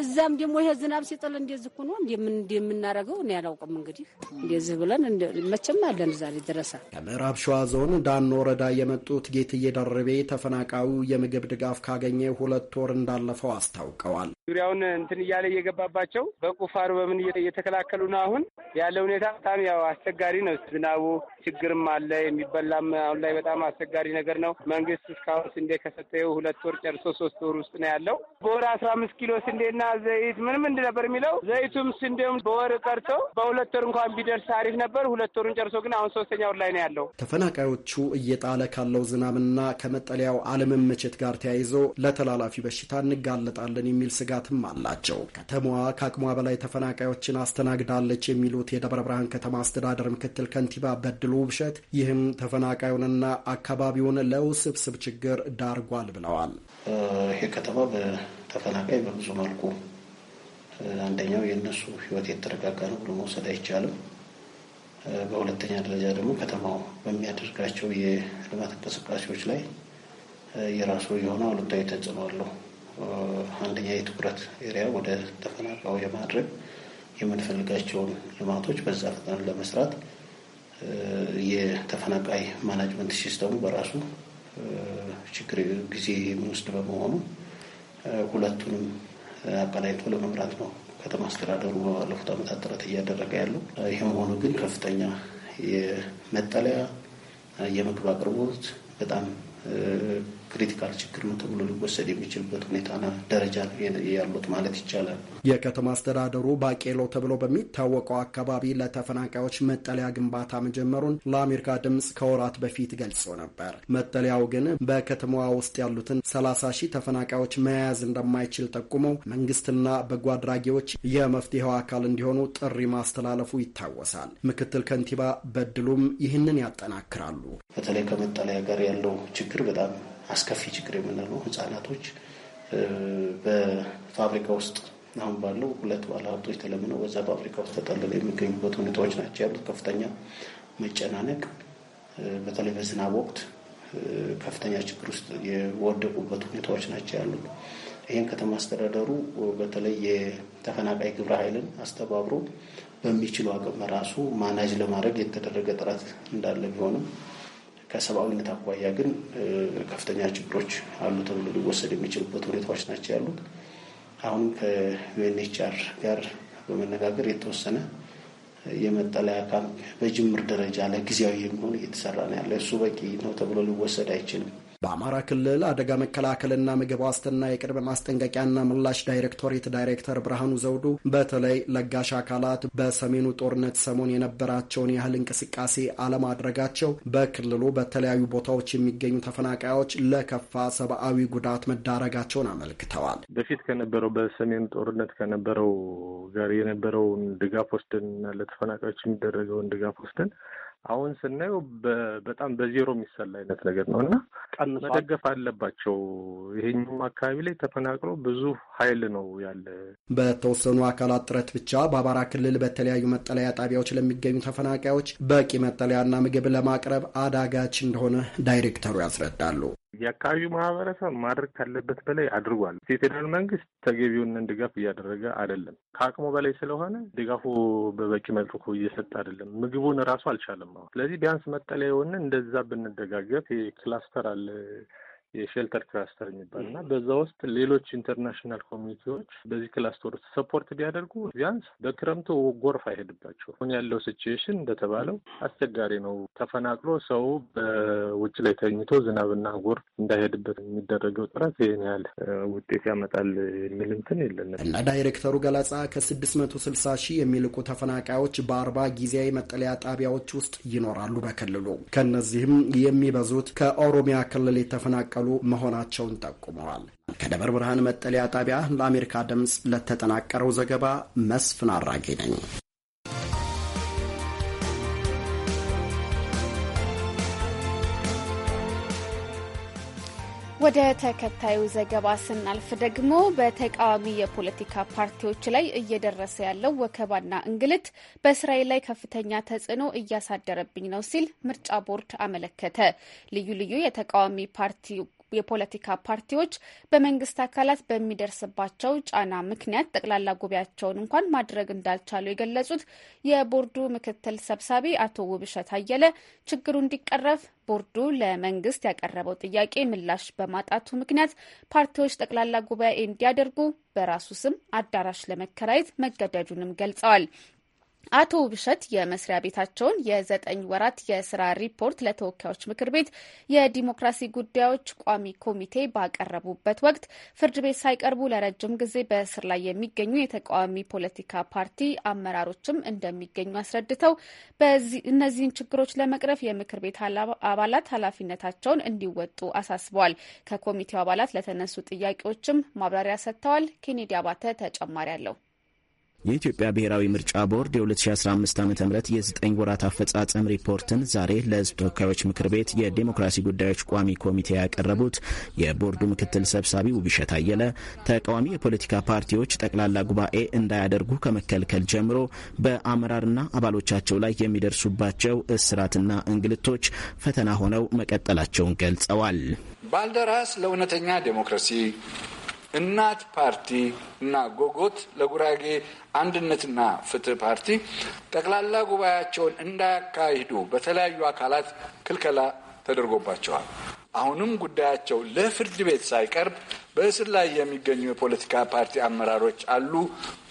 S2: እዛም ደግሞ ይሄ ዝናብ ሲጥል እንደዚህ ሆኖ እንደምናደርገው እኔ አላውቅም። እንግዲህ እንደዚህ ብለን መቼም አለን ዛሬ ድረሳ ከምዕራብ
S5: ሸዋ ዞን ዳን ወረዳ የመጡት ጌትዬ ደርቤ ተፈናቃዩ የምግብ ድጋፍ ካገኘ ሁለት ወር እንዳለፈው አስታውቀዋል።
S8: ዙሪያውን እንትን እያለ እየገባባቸው በቁፋሮ በምን እየተከላከሉ ነው። አሁን ያለ ሁኔታ በጣም ያው አስቸጋሪ ነው። ዝናቡ ችግርም አለ። የሚበላም አሁን ላይ በጣም አስቸጋሪ ነገር ነው። መንግስት እስካሁን ስንዴ ከሰጠው ሁለት ወር ጨርሶ ሶስት ወር ውስጥ ነው ያለው በወር አስራ አምስት ኪሎ ስንዴና ዘይት ምን ምንድ ነበር የሚለው ዘይቱም ስንዴውም በወር ቀርቶ በሁለት ወር እንኳን ቢደርስ አሪፍ ነበር። ሁለት ወሩን ጨርሶ ግን አሁን ሶስተኛ ወር ላይ ነው ያለው።
S5: ተፈናቃዮቹ እየጣለ ካለው ዝናብና ከመጠለያው አለመመቸት ጋር ተያይዞ ለተላላፊ በሽታ እንጋለጣለን የሚል ስጋትም አላቸው። ከተማዋ ከአቅሟ በላይ ተፈናቃዮችን አስተናግዳለች የሚሉት የደብረ ብርሃን ከተማ አስተዳደር ምክትል ከንቲባ በድሉ ውብሸት ይህም ተፈናቃዩንና አካባቢውን ለውስብስብ ችግር ዳርጓል ብለዋል።
S9: ይሄ ከተማ በተፈናቃይ በብዙ መልኩ አንደኛው የእነሱ ህይወት የተረጋጋ ነው ብሎ መውሰድ አይቻልም። በሁለተኛ ደረጃ ደግሞ ከተማው በሚያደርጋቸው የልማት እንቅስቃሴዎች ላይ የራሱ የሆነ አሉታዊ ተጽዕኖ አለው። አንደኛ የትኩረት ኤሪያ ወደ ተፈናቃዩ የማድረግ የምንፈልጋቸውን ልማቶች በዛ ፍጥነት ለመስራት የተፈናቃይ ማናጅመንት ሲስተሙ በራሱ ችግር ጊዜ የሚወስድ በመሆኑ ሁለቱንም አቀናይቶ ለመምራት ነው ከተማ አስተዳደሩ በባለፉት ዓመታት ጥረት እያደረገ ያለው። ይህም ሆኖ ግን ከፍተኛ የመጠለያ የምግብ አቅርቦት በጣም ክሪቲካል ችግር ነው ተብሎ ሊወሰድ የሚችልበት ሁኔታ ደረጃ ያሉት ማለት ይቻላል።
S5: የከተማ አስተዳደሩ ባቄሎ ተብሎ በሚታወቀው አካባቢ ለተፈናቃዮች መጠለያ ግንባታ መጀመሩን ለአሜሪካ ድምፅ ከወራት በፊት ገልጾ ነበር። መጠለያው ግን በከተማዋ ውስጥ ያሉትን ሰላሳ ሺህ ተፈናቃዮች መያዝ እንደማይችል ጠቁመው መንግስትና በጎ አድራጊዎች የመፍትሄው አካል እንዲሆኑ ጥሪ ማስተላለፉ ይታወሳል። ምክትል ከንቲባ በድሉም ይህንን ያጠናክራሉ።
S9: በተለይ ከመጠለያ ጋር ያለው ችግር በጣም አስከፊ ችግር የምንለው ህጻናቶች በፋብሪካ ውስጥ አሁን ባለው ሁለት ባለሀብቶች ተለምነው በዛ ፋብሪካ ውስጥ ተጠልለው የሚገኙበት ሁኔታዎች ናቸው ያሉት። ከፍተኛ መጨናነቅ፣ በተለይ በዝናብ ወቅት ከፍተኛ ችግር ውስጥ የወደቁበት ሁኔታዎች ናቸው ያሉት። ይህን ከተማ አስተዳደሩ በተለይ የተፈናቃይ ግብረ ኃይልን አስተባብሮ በሚችሉ አቅም ራሱ ማናጅ ለማድረግ የተደረገ ጥረት እንዳለ ቢሆንም ከሰብአዊነት አኳያ ግን ከፍተኛ ችግሮች አሉ ተብሎ ሊወሰድ የሚችሉበት ሁኔታዎች ናቸው ያሉት። አሁንም ከዩኤንኤችአር ጋር በመነጋገር የተወሰነ የመጠለያ ካምፕ በጅምር ደረጃ ለጊዜያዊ የሚሆን እየተሰራ ነው ያለ። እሱ በቂ ነው ተብሎ ሊወሰድ አይችልም።
S5: በአማራ ክልል አደጋ መከላከልና ምግብ ዋስትና የቅድመ ማስጠንቀቂያና ምላሽ ዳይሬክቶሬት ዳይሬክተር ብርሃኑ ዘውዱ በተለይ ለጋሽ አካላት በሰሜኑ ጦርነት ሰሞን የነበራቸውን ያህል እንቅስቃሴ አለማድረጋቸው በክልሉ በተለያዩ ቦታዎች የሚገኙ ተፈናቃዮች ለከፋ ሰብአዊ ጉዳት መዳረጋቸውን
S10: አመልክተዋል። በፊት ከነበረው በሰሜኑ ጦርነት ከነበረው ጋር የነበረውን ድጋፍ ወስደን እና ለተፈናቃዮች የሚደረገውን ድጋፍ ወስደን አሁን ስናየው በጣም በዜሮ የሚሰላ አይነት ነገር ነው እና መደገፍ አለባቸው። ይሄኛውም አካባቢ ላይ ተፈናቅሎ ብዙ ኃይል ነው ያለ።
S5: በተወሰኑ አካላት ጥረት ብቻ በአማራ ክልል በተለያዩ መጠለያ ጣቢያዎች ለሚገኙ ተፈናቃዮች በቂ መጠለያና ምግብ ለማቅረብ አዳጋች እንደሆነ ዳይሬክተሩ ያስረዳሉ።
S10: የአካባቢው ማህበረሰብ ማድረግ ካለበት በላይ አድርጓል። የፌዴራል መንግስት ተገቢውን ድጋፍ እያደረገ አይደለም። ከአቅሙ በላይ ስለሆነ ድጋፉ በበቂ መልኩ እየሰጠ አይደለም። ምግቡን እራሱ አልቻለም። ስለዚህ ቢያንስ መጠለያ የሆነ እንደዛ ብንደጋገፍ ክላስተር አለ የሼልተር ክላስተር የሚባል እና በዛ ውስጥ ሌሎች ኢንተርናሽናል ኮሚኒቲዎች በዚህ ክላስተር ውስጥ ሰፖርት ቢያደርጉ ቢያንስ በክረምቱ ጎርፍ አይሄድባቸው። አሁን ያለው ሲቹዌሽን እንደተባለው አስቸጋሪ ነው። ተፈናቅሎ ሰው በውጭ ላይ ተኝቶ ዝናብና ጎርፍ እንዳይሄድበት የሚደረገው ጥረት ይህን ያህል ውጤት ያመጣል የሚል እንትን የለንም።
S5: ዳይሬክተሩ ገለጻ ከ ስልሳ ሺህ የሚልቁ ተፈናቃዮች በአርባ ጊዜያዊ መጠለያ ጣቢያዎች ውስጥ ይኖራሉ በክልሉ ከእነዚህም የሚበዙት ከኦሮሚያ ክልል የተፈናቀ የተቀላቀሉ መሆናቸውን ጠቁመዋል። ከደብረ ብርሃን መጠለያ ጣቢያ ለአሜሪካ ድምፅ ለተጠናቀረው ዘገባ መስፍን አራጌ ነኝ።
S1: ወደ ተከታዩ ዘገባ ስናልፍ ደግሞ በተቃዋሚ የፖለቲካ ፓርቲዎች ላይ እየደረሰ ያለው ወከባና እንግልት በእስራኤል ላይ ከፍተኛ ተጽዕኖ እያሳደረብኝ ነው ሲል ምርጫ ቦርድ አመለከተ። ልዩ ልዩ የተቃዋሚ ፓርቲ የፖለቲካ ፓርቲዎች በመንግስት አካላት በሚደርስባቸው ጫና ምክንያት ጠቅላላ ጉባኤያቸውን እንኳን ማድረግ እንዳልቻሉ የገለጹት የቦርዱ ምክትል ሰብሳቢ አቶ ውብሸት አየለ ችግሩ እንዲቀረፍ ቦርዱ ለመንግስት ያቀረበው ጥያቄ ምላሽ በማጣቱ ምክንያት ፓርቲዎች ጠቅላላ ጉባኤ እንዲያደርጉ በራሱ ስም አዳራሽ ለመከራየት መገደዱንም ገልጸዋል። አቶ ብሸት የመስሪያ ቤታቸውን የዘጠኝ ወራት የስራ ሪፖርት ለተወካዮች ምክር ቤት የዲሞክራሲ ጉዳዮች ቋሚ ኮሚቴ ባቀረቡበት ወቅት ፍርድ ቤት ሳይቀርቡ ለረጅም ጊዜ በእስር ላይ የሚገኙ የተቃዋሚ ፖለቲካ ፓርቲ አመራሮችም እንደሚገኙ አስረድተው እነዚህን ችግሮች ለመቅረፍ የምክር ቤት አባላት ኃላፊነታቸውን እንዲወጡ አሳስበዋል። ከኮሚቴው አባላት ለተነሱ ጥያቄዎችም ማብራሪያ ሰጥተዋል። ኬኔዲ አባተ ተጨማሪ አለው።
S11: የኢትዮጵያ ብሔራዊ ምርጫ ቦርድ የ2015 ዓ ም የዘጠኝ ወራት አፈጻጸም ሪፖርትን ዛሬ ለሕዝብ ተወካዮች ምክር ቤት የዴሞክራሲ ጉዳዮች ቋሚ ኮሚቴ ያቀረቡት የቦርዱ ምክትል ሰብሳቢ ውብሸት አየለ ተቃዋሚ የፖለቲካ ፓርቲዎች ጠቅላላ ጉባኤ እንዳያደርጉ ከመከልከል ጀምሮ በአመራርና አባሎቻቸው ላይ የሚደርሱባቸው እስራትና እንግልቶች ፈተና ሆነው መቀጠላቸውን ገልጸዋል።
S12: ባልደራስ ለእውነተኛ ዴሞክራሲ እናት ፓርቲ እና ጎጎት ለጉራጌ አንድነትና ፍትህ ፓርቲ ጠቅላላ ጉባኤያቸውን እንዳያካሂዱ በተለያዩ አካላት ክልከላ ተደርጎባቸዋል። አሁንም ጉዳያቸው ለፍርድ ቤት ሳይቀርብ በእስር ላይ የሚገኙ የፖለቲካ ፓርቲ አመራሮች አሉ።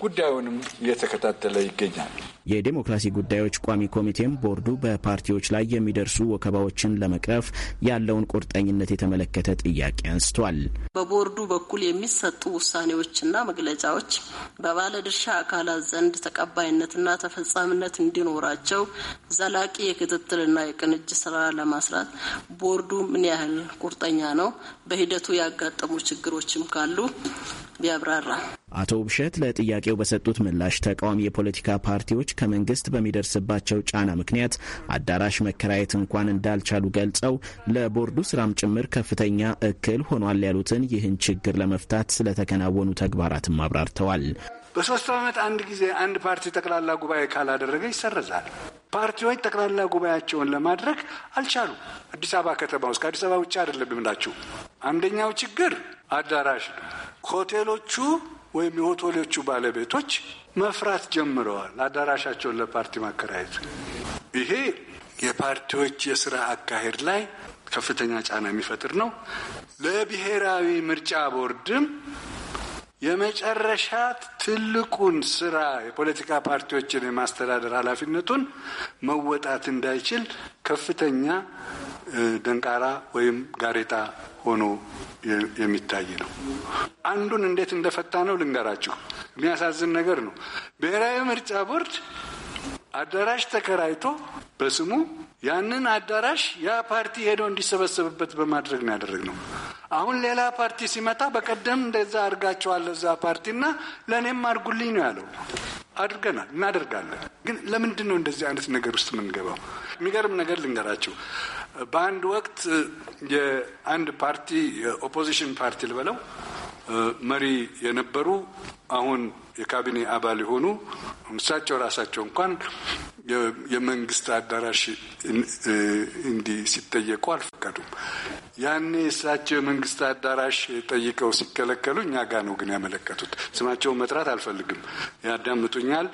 S12: ጉዳዩንም እየተከታተለ ይገኛል።
S11: የዴሞክራሲ ጉዳዮች ቋሚ ኮሚቴም ቦርዱ በፓርቲዎች ላይ የሚደርሱ ወከባዎችን ለመቅረፍ ያለውን ቁርጠኝነት የተመለከተ ጥያቄ አንስቷል።
S6: በቦርዱ በኩል የሚሰጡ ውሳኔዎችና መግለጫዎች በባለድርሻ አካላት ዘንድ ተቀባይነትና ተፈጻሚነት እንዲኖራቸው ዘላቂ የክትትልና የቅንጅ ስራ ለማስራት ቦርዱ ምን ያህል ቁርጠኛ ነው? በሂደቱ ያጋጠሙ ችግሮችም ካሉ ቢያብራራ።
S11: አቶ ውብሸት ለጥያቄው በሰጡት ምላሽ ተቃዋሚ የፖለቲካ ፓርቲዎች ከመንግስት በሚደርስባቸው ጫና ምክንያት አዳራሽ መከራየት እንኳን እንዳልቻሉ ገልጸው ለቦርዱ ስራም ጭምር ከፍተኛ እክል ሆኗል ያሉትን ይህን ችግር ለመፍታት ስለተከናወኑ ተግባራትም አብራርተዋል።
S12: በሶስት ዓመት አንድ ጊዜ አንድ ፓርቲ ጠቅላላ ጉባኤ ካላደረገ ይሰረዛል። ፓርቲዎች ጠቅላላ ጉባኤያቸውን ለማድረግ አልቻሉ። አዲስ አበባ ከተማ ውስጥ ከአዲስ አበባ ውጭ አይደለም ብላችሁ አንደኛው ችግር አዳራሽ ነው። ሆቴሎቹ ወይም የሆቴሎቹ ባለቤቶች መፍራት ጀምረዋል፣ አዳራሻቸውን ለፓርቲ ማከራየት። ይሄ የፓርቲዎች የስራ አካሄድ ላይ ከፍተኛ ጫና የሚፈጥር ነው። ለብሔራዊ ምርጫ ቦርድም የመጨረሻ ትልቁን ስራ የፖለቲካ ፓርቲዎችን የማስተዳደር ኃላፊነቱን መወጣት እንዳይችል ከፍተኛ ደንቃራ ወይም ጋሬጣ ሆኖ የሚታይ ነው። አንዱን እንዴት እንደፈታ ነው ልንገራችሁ። የሚያሳዝን ነገር ነው። ብሔራዊ ምርጫ ቦርድ አዳራሽ ተከራይቶ በስሙ ያንን አዳራሽ ያ ፓርቲ ሄዶ እንዲሰበሰብበት በማድረግ ነው ያደረግነው። አሁን ሌላ ፓርቲ ሲመጣ በቀደም እንደዛ አድርጋቸዋለ እዛ ፓርቲና ለእኔም አድርጉልኝ ነው ያለው። አድርገናል፣ እናደርጋለን። ግን ለምንድን ነው እንደዚህ አይነት ነገር ውስጥ የምንገባው? የሚገርም ነገር ልንገራችሁ። በአንድ ወቅት የአንድ ፓርቲ የኦፖዚሽን ፓርቲ ልበለው መሪ የነበሩ አሁን የካቢኔ አባል የሆኑ እሳቸው ራሳቸው እንኳን የመንግስት አዳራሽ እንዲህ ሲጠየቁ አልፈቀዱም። ያኔ እሳቸው የመንግስት አዳራሽ ጠይቀው ሲከለከሉ እኛ ጋ ነው ግን ያመለከቱት። ስማቸውን መጥራት አልፈልግም፣ ያዳምጡኛል።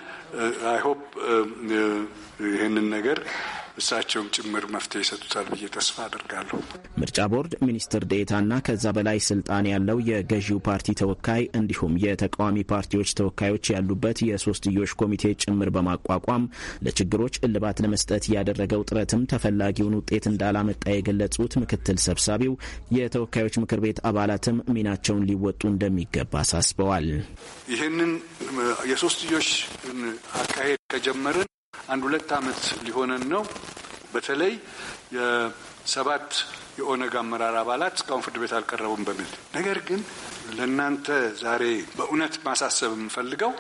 S12: አይሆፕ ይህንን ነገር እሳቸውም ጭምር መፍትሄ ይሰጡታል ብዬ ተስፋ አድርጋለሁ።
S11: ምርጫ ቦርድ ሚኒስትር ዴታና ከዛ በላይ ስልጣን ያለው የገዢው ፓርቲ ተወካይ እንዲሁም የተቃዋሚ ፓርቲዎች ተወካዮች ያሉበት የሶስትዮሽ ኮሚቴ ጭምር በማቋቋም ለችግሮች እልባት ለመስጠት ያደረገው ጥረትም ተፈላጊውን ውጤት እንዳላመጣ የገለጹት ምክትል ሰብሳቢው የተወካዮች ምክር ቤት አባላትም ሚናቸውን ሊወጡ እንደሚገባ አሳስበዋል።
S12: ይህንን የሶስትዮሽ አካሄድ ከጀመርን አንድ ሁለት አመት ሊሆነን ነው። በተለይ የሰባት የኦነግ አመራር አባላት እስካሁን ፍርድ ቤት አልቀረቡም በሚል ነገር ግን ለእናንተ ዛሬ በእውነት ማሳሰብ የምፈልገው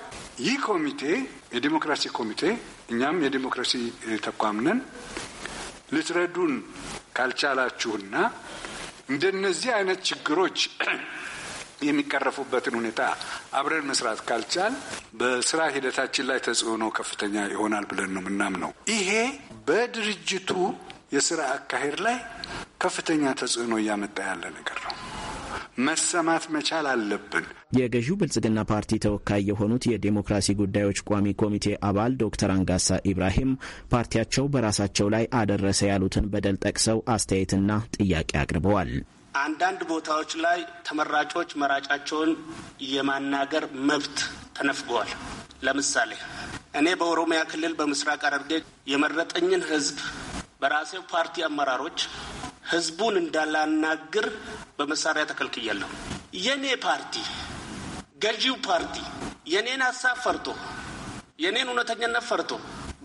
S12: ይህ ኮሚቴ የዲሞክራሲ ኮሚቴ፣ እኛም የዲሞክራሲ ተቋም ነን። ልትረዱን ካልቻላችሁና እንደነዚህ አይነት ችግሮች የሚቀረፉበትን ሁኔታ አብረን መስራት ካልቻል በስራ ሂደታችን ላይ ተጽዕኖ ከፍተኛ ይሆናል ብለን ነው የምናምነው። ይሄ በድርጅቱ የስራ አካሄድ ላይ ከፍተኛ ተጽዕኖ እያመጣ ያለ ነገር ነው። መሰማት መቻል አለብን።
S11: የገዢው ብልጽግና ፓርቲ ተወካይ የሆኑት የዴሞክራሲ ጉዳዮች ቋሚ ኮሚቴ አባል ዶክተር አንጋሳ ኢብራሂም ፓርቲያቸው በራሳቸው ላይ አደረሰ ያሉትን በደል ጠቅሰው አስተያየትና ጥያቄ አቅርበዋል።
S9: አንዳንድ ቦታዎች ላይ ተመራጮች መራጫቸውን የማናገር መብት ተነፍገዋል። ለምሳሌ እኔ በኦሮሚያ ክልል በምስራቅ ሐረርጌ የመረጠኝን ህዝብ በራሴው ፓርቲ አመራሮች ህዝቡን እንዳላናግር በመሳሪያ ተከልክያለሁ። የኔ ፓርቲ ገዢው ፓርቲ የኔን ሀሳብ ፈርቶ የኔን እውነተኛነት ፈርቶ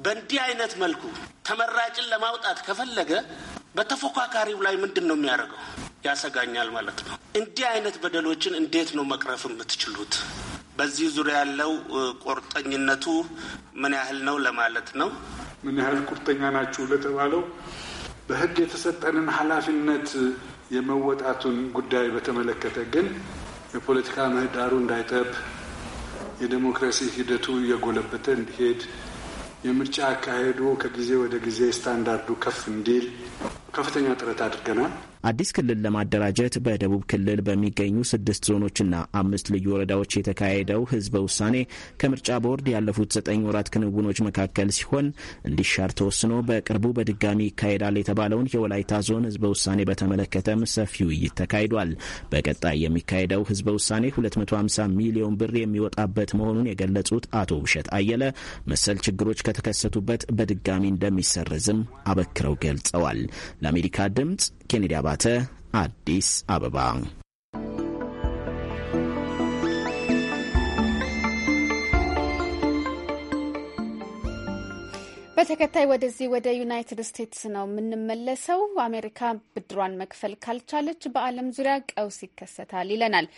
S9: በእንዲህ አይነት መልኩ ተመራጭን ለማውጣት ከፈለገ በተፎካካሪው ላይ ምንድን ነው የሚያደርገው? ያሰጋኛል ማለት ነው። እንዲህ አይነት በደሎችን እንዴት ነው መቅረፍ የምትችሉት? በዚህ ዙሪያ ያለው ቁርጠኝነቱ ምን ያህል ነው ለማለት ነው። ምን ያህል ቁርጠኛ ናችሁ ለተባለው በሕግ የተሰጠንን
S12: ኃላፊነት የመወጣቱን ጉዳይ በተመለከተ ግን የፖለቲካ ምህዳሩ እንዳይጠብ፣ የዴሞክራሲ ሂደቱ እየጎለበተ እንዲሄድ፣ የምርጫ አካሄዱ ከጊዜ ወደ ጊዜ ስታንዳርዱ ከፍ እንዲል ከፍተኛ ጥረት አድርገናል።
S11: አዲስ ክልል ለማደራጀት በደቡብ ክልል በሚገኙ ስድስት ዞኖችና አምስት ልዩ ወረዳዎች የተካሄደው ህዝበ ውሳኔ ከምርጫ ቦርድ ያለፉት ዘጠኝ ወራት ክንውኖች መካከል ሲሆን እንዲሻር ተወስኖ በቅርቡ በድጋሚ ይካሄዳል የተባለውን የወላይታ ዞን ህዝበ ውሳኔ በተመለከተም ሰፊ ውይይት ተካሂዷል። በቀጣይ የሚካሄደው ህዝበ ውሳኔ 250 ሚሊዮን ብር የሚወጣበት መሆኑን የገለጹት አቶ ውብሸት አየለ መሰል ችግሮች ከተከሰቱበት በድጋሚ እንደሚሰረዝም አበክረው ገልጸዋል። ለአሜሪካ ድምጽ ኬኔዲ አባተ፣ አዲስ አበባ።
S1: በተከታይ ወደዚህ ወደ ዩናይትድ ስቴትስ ነው የምንመለሰው። አሜሪካ ብድሯን መክፈል ካልቻለች በዓለም ዙሪያ ቀውስ ይከሰታል ይለናል።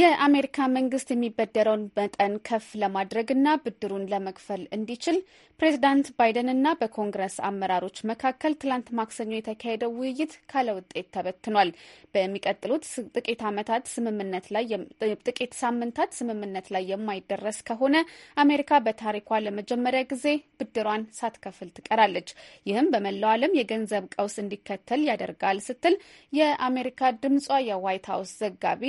S1: የአሜሪካ መንግስት የሚበደረውን መጠን ከፍ ለማድረግና ብድሩን ለመክፈል እንዲችል ፕሬዚዳንት ባይደንና በኮንግረስ አመራሮች መካከል ትላንት ማክሰኞ የተካሄደው ውይይት ካለ ውጤት ተበትኗል። በሚቀጥሉት ጥቂት ዓመታት ስምምነት ላይ ጥቂት ሳምንታት ስምምነት ላይ የማይደረስ ከሆነ አሜሪካ በታሪኳ ለመጀመሪያ ጊዜ ብድሯን ሳትከፍል ትቀራለች። ይህም በመላው ዓለም የገንዘብ ቀውስ እንዲከተል ያደርጋል ስትል የአሜሪካ ድምጿ የዋይት ሀውስ ዘጋቢ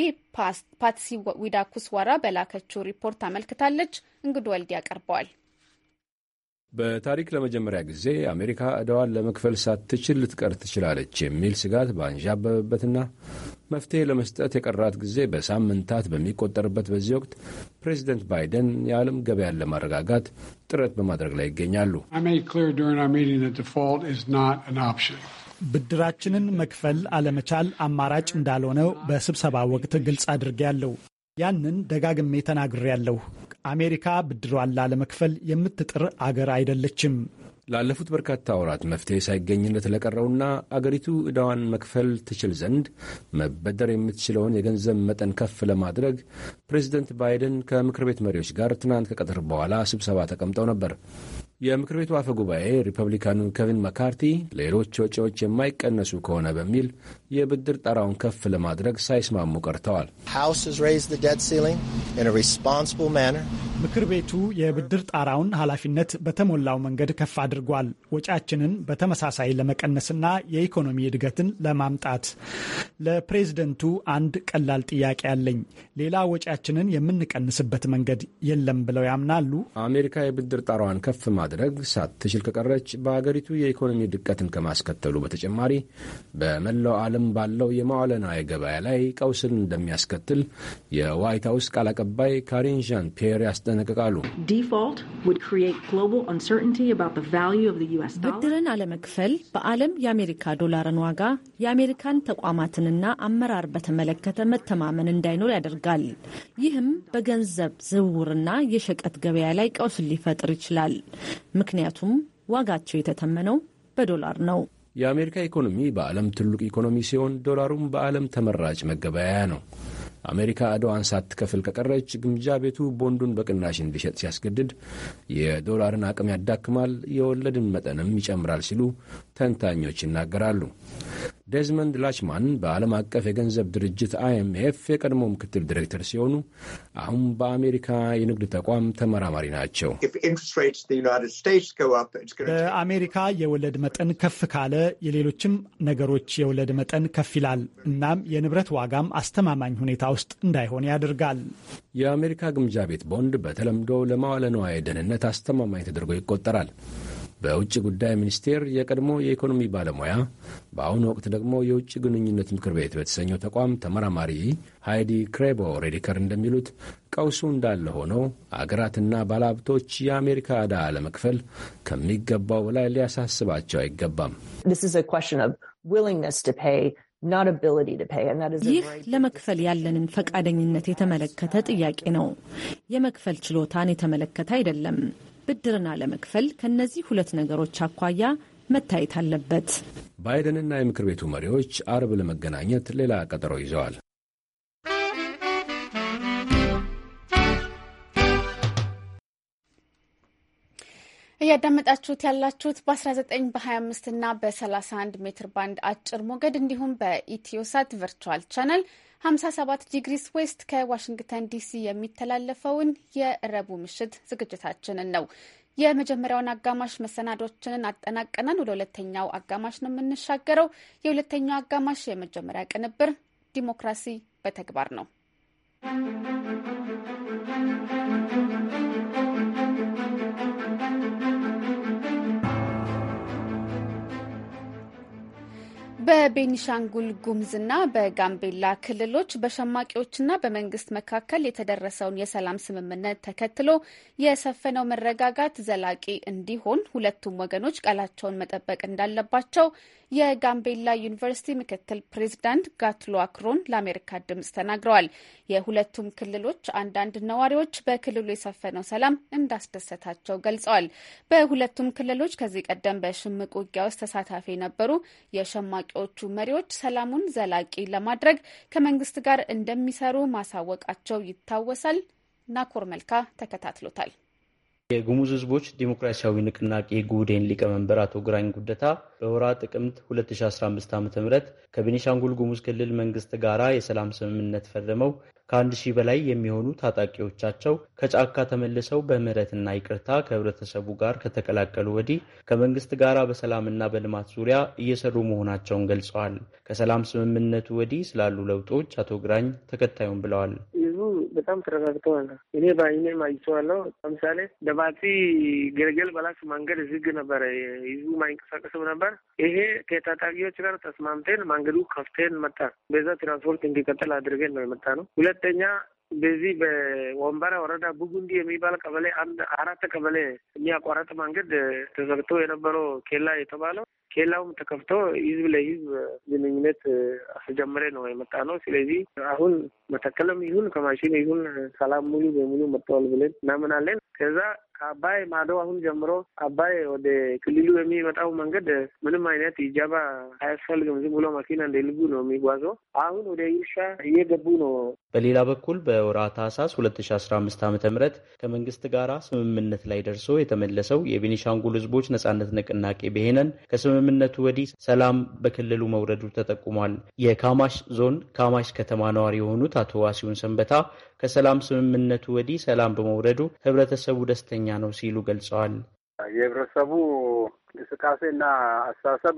S1: ፓትሲ ዋራ በላከችው ሪፖርት አመልክታለች። እንግዶ ወልድ ያቀርበዋል።
S13: በታሪክ ለመጀመሪያ ጊዜ አሜሪካ ዕዳዋን ለመክፈል ሳትችል ልትቀር ትችላለች የሚል ስጋት ባንዣበበበትና መፍትሄ ለመስጠት የቀራት ጊዜ በሳምንታት በሚቆጠርበት በዚህ ወቅት ፕሬዚደንት ባይደን የዓለም ገበያን ለማረጋጋት ጥረት በማድረግ ላይ ይገኛሉ።
S12: ብድራችንን
S5: መክፈል አለመቻል አማራጭ እንዳልሆነ በስብሰባ ወቅት ግልጽ አድርጌያለሁ። ያንን ደጋግሜ ተናግሬያለሁ። አሜሪካ ብድሯን ላለመክፈል የምትጥር አገር አይደለችም።
S13: ላለፉት በርካታ ወራት መፍትሄ ሳይገኝለት ለቀረውና አገሪቱ ዕዳዋን መክፈል ትችል ዘንድ መበደር የምትችለውን የገንዘብ መጠን ከፍ ለማድረግ ፕሬዚደንት ባይደን ከምክር ቤት መሪዎች ጋር ትናንት ከቀትር በኋላ ስብሰባ ተቀምጠው ነበር። የምክር ቤቱ አፈ ጉባኤ ሪፐብሊካኑ ከቪን መካርቲ ሌሎች ወጪዎች የማይቀነሱ ከሆነ በሚል የብድር ጣራውን ከፍ ለማድረግ ሳይስማሙ ቀርተዋል።
S5: ምክር ቤቱ የብድር ጣራውን ኃላፊነት በተሞላው መንገድ ከፍ አድርጓል። ወጪያችንን በተመሳሳይ ለመቀነስና የኢኮኖሚ እድገትን ለማምጣት። ለፕሬዝደንቱ አንድ ቀላል ጥያቄ አለኝ። ሌላ ወጪያችንን የምንቀንስበት መንገድ የለም ብለው ያምናሉ?
S13: አሜሪካ የብድር ጣራዋን ከፍ ማድረግ ለማድረግ ሳትችል ከቀረች በአገሪቱ የኢኮኖሚ ድቀትን ከማስከተሉ በተጨማሪ በመላው ዓለም ባለው የመዋለ ንዋይ ገበያ ላይ ቀውስን እንደሚያስከትል የዋይት ሀውስ ቃል አቀባይ ካሪን ዣን ፒየር ያስጠነቅቃሉ።
S2: ብድርን አለመክፈል በዓለም የአሜሪካ ዶላርን ዋጋ
S7: የአሜሪካን ተቋማትንና አመራር በተመለከተ መተማመን እንዳይኖር ያደርጋል። ይህም በገንዘብ ዝውውርና የሸቀጥ ገበያ ላይ ቀውስ ሊፈጥር ይችላል። ምክንያቱም ዋጋቸው የተተመነው በዶላር ነው።
S13: የአሜሪካ ኢኮኖሚ በዓለም ትልቅ ኢኮኖሚ ሲሆን ዶላሩም በዓለም ተመራጭ መገበያያ ነው። አሜሪካ አድዋን ሳትከፍል ከቀረች ግምጃ ቤቱ ቦንዱን በቅናሽ እንዲሸጥ ሲያስገድድ የዶላርን አቅም ያዳክማል፣ የወለድን መጠንም ይጨምራል ሲሉ ተንታኞች ይናገራሉ። ዴዝመንድ ላችማን በዓለም አቀፍ የገንዘብ ድርጅት አይኤምኤፍ የቀድሞ ምክትል ዲሬክተር ሲሆኑ አሁን በአሜሪካ የንግድ ተቋም ተመራማሪ ናቸው።
S5: በአሜሪካ የወለድ መጠን ከፍ ካለ የሌሎችም ነገሮች የወለድ መጠን ከፍ ይላል። እናም የንብረት ዋጋም አስተማማኝ ሁኔታ ውስጥ እንዳይሆን ያደርጋል።
S13: የአሜሪካ ግምጃ ቤት ቦንድ በተለምዶ ለማዋለ ንዋይ ደህንነት አስተማማኝ ተደርጎ ይቆጠራል። በውጭ ጉዳይ ሚኒስቴር የቀድሞ የኢኮኖሚ ባለሙያ በአሁኑ ወቅት ደግሞ የውጭ ግንኙነት ምክር ቤት በተሰኘው ተቋም ተመራማሪ ሃይዲ ክሬቦ ሬዲከር እንደሚሉት ቀውሱ እንዳለ ሆነው አገራትና ባለሀብቶች የአሜሪካ ዕዳ ለመክፈል ከሚገባው በላይ ሊያሳስባቸው አይገባም።
S7: ይህ ለመክፈል ያለንን ፈቃደኝነት የተመለከተ ጥያቄ ነው። የመክፈል ችሎታን የተመለከተ አይደለም። ብድርን አለመክፈል ከእነዚህ ሁለት ነገሮች አኳያ መታየት አለበት።
S13: ባይደንና የምክር ቤቱ መሪዎች አርብ ለመገናኘት ሌላ ቀጠሮ ይዘዋል።
S1: እያዳመጣችሁት ያላችሁት በ19 በ25 እና በ31 ሜትር ባንድ አጭር ሞገድ እንዲሁም በኢትዮሳት ቨርቹዋል ቻናል 57 ዲግሪስ ዌስት ከዋሽንግተን ዲሲ የሚተላለፈውን የረቡ ምሽት ዝግጅታችንን ነው። የመጀመሪያውን አጋማሽ መሰናዶችንን አጠናቅነን ወደ ሁለተኛው አጋማሽ ነው የምንሻገረው። የሁለተኛው አጋማሽ የመጀመሪያ ቅንብር ዲሞክራሲ በተግባር ነው። በቤኒሻንጉል ጉምዝና በጋምቤላ ክልሎች በሸማቂዎችና በመንግስት መካከል የተደረሰውን የሰላም ስምምነት ተከትሎ የሰፈነው መረጋጋት ዘላቂ እንዲሆን ሁለቱም ወገኖች ቃላቸውን መጠበቅ እንዳለባቸው የጋምቤላ ዩኒቨርሲቲ ምክትል ፕሬዚዳንት ጋትሎ አክሮን ለአሜሪካ ድምጽ ተናግረዋል። የሁለቱም ክልሎች አንዳንድ ነዋሪዎች በክልሉ የሰፈነው ሰላም እንዳስደሰታቸው ገልጸዋል። በሁለቱም ክልሎች ከዚህ ቀደም በሽምቅ ውጊያ ውስጥ ተሳታፊ የነበሩ የሸማቂዎቹ መሪዎች ሰላሙን ዘላቂ ለማድረግ ከመንግስት ጋር እንደሚሰሩ ማሳወቃቸው ይታወሳል። ናኮር መልካ ተከታትሎታል።
S14: የጉሙዝ ህዝቦች ዲሞክራሲያዊ ንቅናቄ ጉዴን ሊቀመንበር አቶ ግራኝ ጉደታ በወራ ጥቅምት 2015 ዓ ም ከቤኒሻንጉል ጉሙዝ ክልል መንግስት ጋራ የሰላም ስምምነት ፈርመው ከአንድ ሺህ በላይ የሚሆኑ ታጣቂዎቻቸው ከጫካ ተመልሰው በምህረትና ይቅርታ ከህብረተሰቡ ጋር ከተቀላቀሉ ወዲህ ከመንግስት ጋር በሰላምና በልማት ዙሪያ እየሰሩ መሆናቸውን ገልጸዋል። ከሰላም ስምምነቱ ወዲህ ስላሉ ለውጦች አቶ ግራኝ ተከታዩም ብለዋል።
S15: በጣም ተረጋግተዋል። እኔ በአይኔ አይቼዋለሁ። ለምሳሌ ደባቲ ገልገል በላስ መንገድ ዝግ ነበረ፣ ህዝቡ ማይንቀሳቀስም ነበር። ይሄ ከታጣቂዎች ጋር ተስማምተን መንገዱ ከፍተን መጣ። በዛ ትራንስፖርት እንዲቀጥል አድርገን ነው የመጣ ነው። ሁለት ሁለተኛ በዚህ በወንበራ ወረዳ ቡጉንዲ የሚባል ቀበሌ አንድ አራት ቀበሌ የሚያቋረጥ መንገድ ተዘግቶ የነበረው ኬላ የተባለው ኬላውም ተከፍቶ ህዝብ ለህዝብ ግንኙነት አስጀምሬ ነው የመጣ ነው። ስለዚህ አሁን መተከልም ይሁን ከማሽን ይሁን ሰላም ሙሉ በሙሉ መጥተዋል ብለን እናምናለን። ከዛ ከአባይ ማዶ አሁን ጀምሮ አባይ ወደ ክልሉ የሚመጣው መንገድ ምንም አይነት ኢጃባ አያስፈልግም። ዝም ብሎ መኪና እንደ ልቡ ነው የሚጓዘው። አሁን ወደ ይርሻ እየገቡ ነው።
S14: በሌላ በኩል በወርሃ ታህሳስ 2015 ዓ ም ከመንግስት ጋር ስምምነት ላይ ደርሶ የተመለሰው የቤኒሻንጉል ህዝቦች ነጻነት ንቅናቄ ብሄነን ከስምምነቱ ወዲህ ሰላም በክልሉ መውረዱ ተጠቁሟል። የካማሽ ዞን ካማሽ ከተማ ነዋሪ የሆኑት አቶ ዋሲሁን ሰንበታ ከሰላም ስምምነቱ ወዲህ ሰላም በመውረዱ ህብረተሰቡ ደስተኛ ነው ሲሉ ገልጸዋል።
S16: የህብረተሰቡ እንቅስቃሴ እና አስተሳሰብ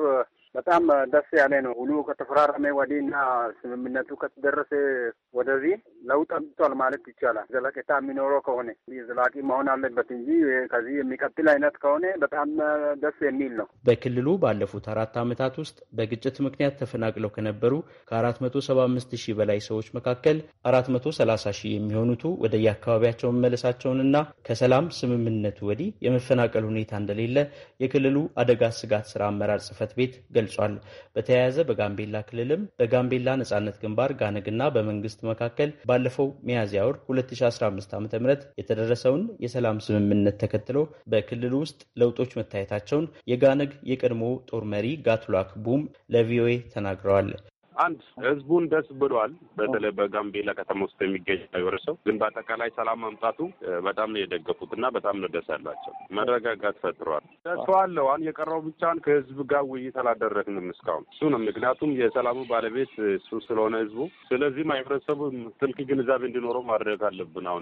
S16: በጣም ደስ ያለ ነው። ሁሉ ከተፈራረመ ወዲህና ስምምነቱ ከተደረሰ ወደዚህ ለውጥ አምጥቷል ማለት ይቻላል። ዘለቄታ የሚኖረው ከሆነ ዘላቂ መሆን አለበት እንጂ ከዚህ የሚቀጥል አይነት ከሆነ በጣም ደስ የሚል ነው።
S14: በክልሉ ባለፉት አራት ዓመታት ውስጥ በግጭት ምክንያት ተፈናቅለው ከነበሩ ከ475 ሺህ በላይ ሰዎች መካከል 430 ሺህ የሚሆኑቱ ወደየአካባቢያቸው መመለሳቸውንና ከሰላም ስምምነቱ ወዲህ የመፈናቀል ሁኔታ እንደሌለ የክልሉ አደጋ ስጋት ስራ አመራር ጽህፈት ቤት ገ ገልጿል። በተያያዘ በጋምቤላ ክልልም በጋምቤላ ነጻነት ግንባር ጋነግና በመንግስት መካከል ባለፈው ሚያዝያ ወር 2015 ዓ ም የተደረሰውን የሰላም ስምምነት ተከትሎ በክልሉ ውስጥ ለውጦች መታየታቸውን የጋነግ የቀድሞ ጦር መሪ ጋትሏክ ቡም ለቪኦኤ ተናግረዋል።
S16: አንድ ህዝቡን ደስ ብሏል። በተለይ በጋምቤላ ከተማ ውስጥ የሚገኝ ማህበረሰብ ግን በአጠቃላይ ሰላም ማምጣቱ በጣም ነው የደገፉት እና በጣም ነው ደስ ያላቸው። መረጋጋት ፈጥሯል። ተስፋ አለው። አሁን የቀረው ብቻን ከህዝብ ጋር ውይይት አላደረግንም እስካሁን። እሱ ነው ምክንያቱም የሰላሙ ባለቤት እሱ ስለሆነ ህዝቡ። ስለዚህ ማህበረሰቡ ጥልቅ ግንዛቤ እንዲኖረው ማድረግ አለብን። አሁን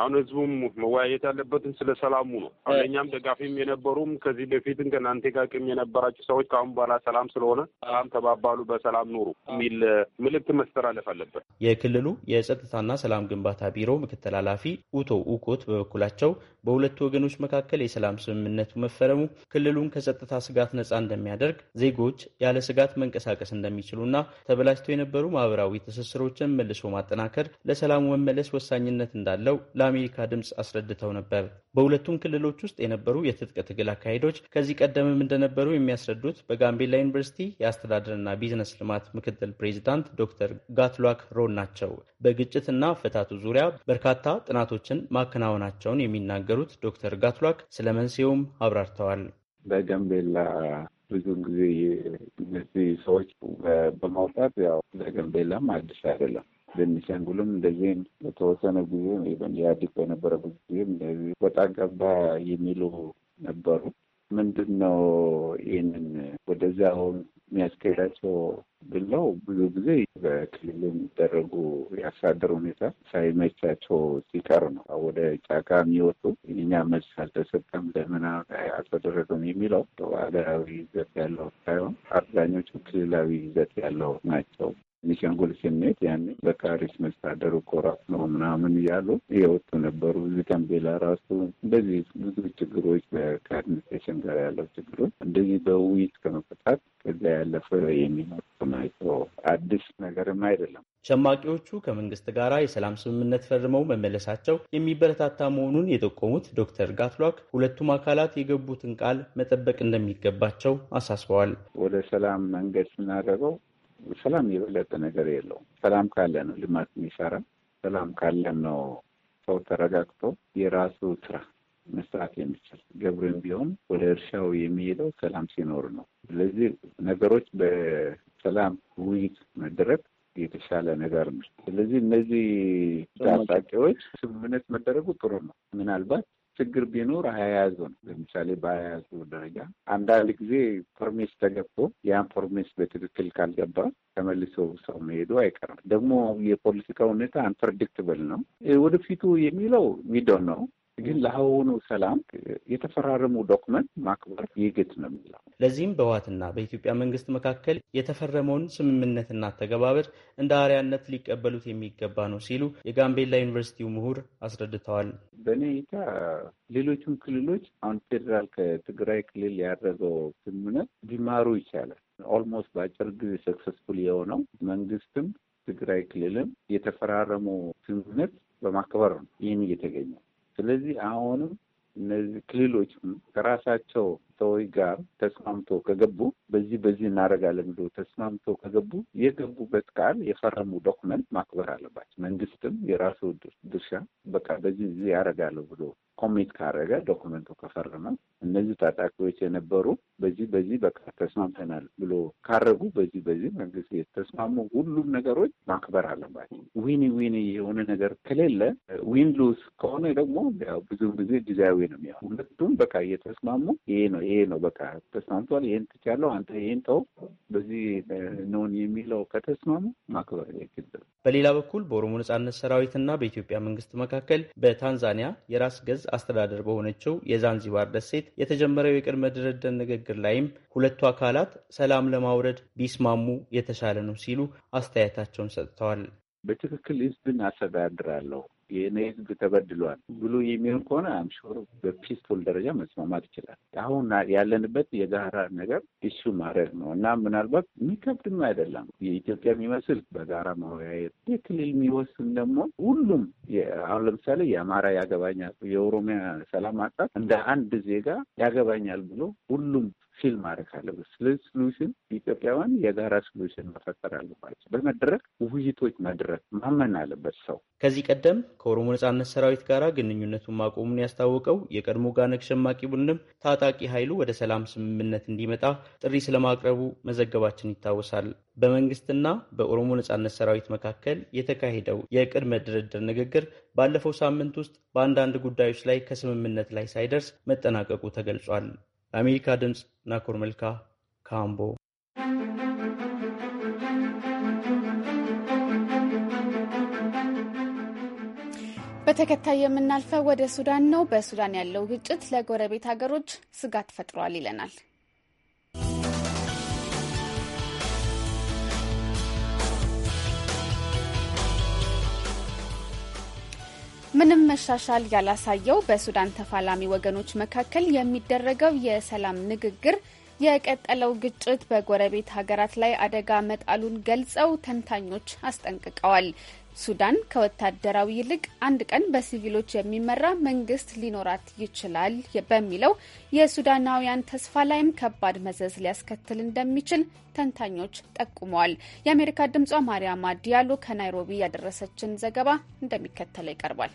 S16: አሁን ህዝቡም መወያየት ያለበትን ስለ ሰላሙ ነው። አሁን እኛም ደጋፊም የነበሩም ከዚህ በፊትም ከእናንተ ጋር የነበራቸው ሰዎች ከአሁን በኋላ ሰላም ስለሆነ ሰላም ተባባሉ፣ በሰላም ኑሩ የሚል ምልክት መስተላለፍ አለበት።
S14: የክልሉ የጸጥታና ሰላም ግንባታ ቢሮ ምክትል ኃላፊ ኡቶ ኡኮት በበኩላቸው በሁለቱ ወገኖች መካከል የሰላም ስምምነቱ መፈረሙ ክልሉን ከጸጥታ ስጋት ነፃ እንደሚያደርግ፣ ዜጎች ያለ ስጋት መንቀሳቀስ እንደሚችሉና ተበላሽተው የነበሩ ማህበራዊ ትስስሮችን መልሶ ማጠናከር ለሰላሙ መመለስ ወሳኝነት እንዳለው ለአሜሪካ ድምፅ አስረድተው ነበር። በሁለቱም ክልሎች ውስጥ የነበሩ የትጥቅ ትግል አካሄዶች ከዚህ ቀደምም እንደነበሩ የሚያስረዱት በጋምቤላ ዩኒቨርሲቲ የአስተዳደርና ቢዝነስ ልማት ምክትል ምክትል ፕሬዚዳንት ዶክተር ጋትሏክ ሮን ናቸው። በግጭትና ፍታቱ ዙሪያ በርካታ ጥናቶችን ማከናወናቸውን የሚናገሩት ዶክተር ጋትሏክ ስለ መንስኤውም አብራርተዋል።
S16: በገንቤላ ብዙውን ጊዜ እነዚህ ሰዎች በማውጣት ያው ለጋምቤላም አዲስ አይደለም። በሚሻንጉልም እንደዚህም በተወሰነ ጊዜ ኢቨን በነበረበት ጊዜም ወጣ ገባ የሚሉ ነበሩ። ምንድን ነው ይህንን ወደዚያውን የሚያስካሄዳቸው ብለው ብዙ ጊዜ በክልል የሚደረጉ የአስተዳደር ሁኔታ ሳይመቻቸው ሲቀር ነው ወደ ጫካ የሚወጡ። እኛ መልስ አልተሰጠም ለምን አልተደረገም የሚለው ሀገራዊ ይዘት ያለው ሳይሆን አብዛኞቹ ክልላዊ ይዘት ያለው ናቸው። ቤኒሻንጉል ስንሄድ ያኔ በቃ ርዕሰ መስተዳድሩ ነው ምናምን እያሉ የወጡ ነበሩ። እዚህ ጋምቤላ ራሱ እንደዚህ ብዙ ችግሮች ከአድሚኒስትሬሽን ጋር ያለው ችግሮች እንደዚህ በውይይት ከመፈታት ከዚያ ያለፈ የሚመጡ ናቸው። አዲስ ነገርም አይደለም።
S14: ሸማቂዎቹ ከመንግስት ጋር የሰላም ስምምነት ፈርመው መመለሳቸው የሚበረታታ መሆኑን የጠቆሙት ዶክተር ጋትሏክ ሁለቱም አካላት የገቡትን ቃል መጠበቅ እንደሚገባቸው አሳስበዋል።
S16: ወደ ሰላም መንገድ ስናደርገው ሰላም የበለጠ ነገር የለውም። ሰላም ካለ ነው ልማት የሚሰራ። ሰላም ካለ ነው ሰው ተረጋግቶ የራሱ ስራ መስራት የሚችል ገብርም ቢሆን ወደ እርሻው የሚሄደው ሰላም ሲኖር ነው። ስለዚህ ነገሮች በሰላም ውይይት መደረግ የተሻለ ነገር ነው። ስለዚህ እነዚህ ታጣቂዎች ስምምነት መደረጉ ጥሩ ነው። ምናልባት ችግር ቢኖር አያያዙ ነው። ለምሳሌ በአያያዙ ደረጃ አንዳንድ ጊዜ ፐርሜስ ተገብቶ ያን ፐርሜስ በትክክል ካልገባ ተመልሶ ሰው መሄዱ አይቀርም። ደግሞ የፖለቲካ ሁኔታ አንፕሬዲክትብል ነው። ወደፊቱ የሚለው ሚዶን ነው ግን ለአሁኑ ሰላም የተፈራረሙ ዶክመንት ማክበር ይግድ ነው የሚለው።
S14: ለዚህም በህወሓትና በኢትዮጵያ መንግስት መካከል የተፈረመውን ስምምነትና አተገባበር እንደ አርያነት ሊቀበሉት የሚገባ ነው ሲሉ የጋምቤላ ዩኒቨርሲቲው ምሁር አስረድተዋል።
S16: በእኔ እይታ ሌሎችም ክልሎች አሁን ፌዴራል ከትግራይ ክልል ያደረገው ስምምነት ቢማሩ ይቻላል። ኦልሞስት በአጭር ጊዜ ሰክሰስፉል የሆነው መንግስትም ትግራይ ክልልም የተፈራረሙ ስምምነት በማክበር ነው ይህን እየተገኘ ስለዚህ አሁንም እነዚህ ክልሎች ከራሳቸው ሰዎች ጋር ተስማምቶ ከገቡ በዚህ በዚህ እናደርጋለን ብሎ ተስማምቶ ከገቡ የገቡበት ቃል የፈረሙ ዶክመንት ማክበር አለባቸው። መንግስትም የራሱ ድርሻ በቃ በዚህ እዚህ ያደርጋለሁ ብሎ ኮሚት ካደረገ ዶኩመንቱ ከፈረመ እነዚህ ታጣቂዎች የነበሩ በዚህ በዚህ በቃ ተስማምተናል ብሎ ካረጉ በዚህ በዚህ መንግስት የተስማሙ ሁሉም ነገሮች ማክበር አለባቸው። ዊን ዊን የሆነ ነገር ከሌለ ዊን ከሆነ ደግሞ ብዙ ጊዜ ጊዜያዊ ነው ያው ሁለቱም በቃ እየተስማሙ ይሄ ነው ይሄ ነው በቃ ተስማምቷል፣ ይሄን ትቻለው፣ አንተ ይሄን ተው፣ በዚህ ነውን
S14: የሚለው ከተስማሙ ማክበር ያግል። በሌላ በኩል በኦሮሞ ነጻነት ሰራዊትና በኢትዮጵያ መንግስት መካከል በታንዛኒያ የራስ ገዝ እዝ አስተዳደር በሆነችው የዛንዚባር ደሴት የተጀመረው የቅድመ ድርድር ንግግር ላይም ሁለቱ አካላት ሰላም ለማውረድ ቢስማሙ የተሻለ ነው ሲሉ አስተያየታቸውን ሰጥተዋል።
S16: በትክክል ህዝብን አስተዳድራለሁ የእኔ ህዝብ ተበድሏል ብሎ የሚሆን ከሆነ አምሹር በፒስፉል ደረጃ መስማማት ይችላል። አሁን ያለንበት የጋራ ነገር እሱ ማድረግ ነው እና ምናልባት የሚከብድም አይደለም። የኢትዮጵያ የሚመስል በጋራ መወያየት፣ የክልል የሚወስን ደግሞ ሁሉም አሁን ለምሳሌ የአማራ ያገባኛል፣ የኦሮሚያ ሰላም ማጣት እንደ አንድ ዜጋ ያገባኛል ብሎ ሁሉም ፊል ማድረግ አለበት። ስለዚህ ሶሉሽን ኢትዮጵያውያን የጋራ ሶሉሽን መፈጠር አለባቸው። በመድረክ ውይይቶች መድረክ ማመን አለበት ሰው። ከዚህ ቀደም
S14: ከኦሮሞ ነጻነት ሰራዊት ጋር ግንኙነቱን ማቆሙን ያስታወቀው የቀድሞ ጋነግ ሸማቂ ቡድንም ታጣቂ ኃይሉ ወደ ሰላም ስምምነት እንዲመጣ ጥሪ ስለማቅረቡ መዘገባችን ይታወሳል። በመንግስትና በኦሮሞ ነጻነት ሰራዊት መካከል የተካሄደው የቅድመ ድርድር ንግግር ባለፈው ሳምንት ውስጥ በአንዳንድ ጉዳዮች ላይ ከስምምነት ላይ ሳይደርስ መጠናቀቁ ተገልጿል። ለአሜሪካ ድምፅ ናኮር መልካ ካምቦ
S1: በተከታይ የምናልፈው ወደ ሱዳን ነው። በሱዳን ያለው ግጭት ለጎረቤት ሀገሮች ስጋት ፈጥሯል ይለናል። ምንም መሻሻል ያላሳየው በሱዳን ተፋላሚ ወገኖች መካከል የሚደረገው የሰላም ንግግር የቀጠለው ግጭት በጎረቤት ሀገራት ላይ አደጋ መጣሉን ገልጸው ተንታኞች አስጠንቅቀዋል። ሱዳን ከወታደራዊ ይልቅ አንድ ቀን በሲቪሎች የሚመራ መንግስት ሊኖራት ይችላል በሚለው የሱዳናውያን ተስፋ ላይም ከባድ መዘዝ ሊያስከትል እንደሚችል ተንታኞች ጠቁመዋል። የአሜሪካ ድምጿ ማርያማ ዲያሎ ከናይሮቢ ያደረሰችን ዘገባ እንደሚከተለው ይቀርባል።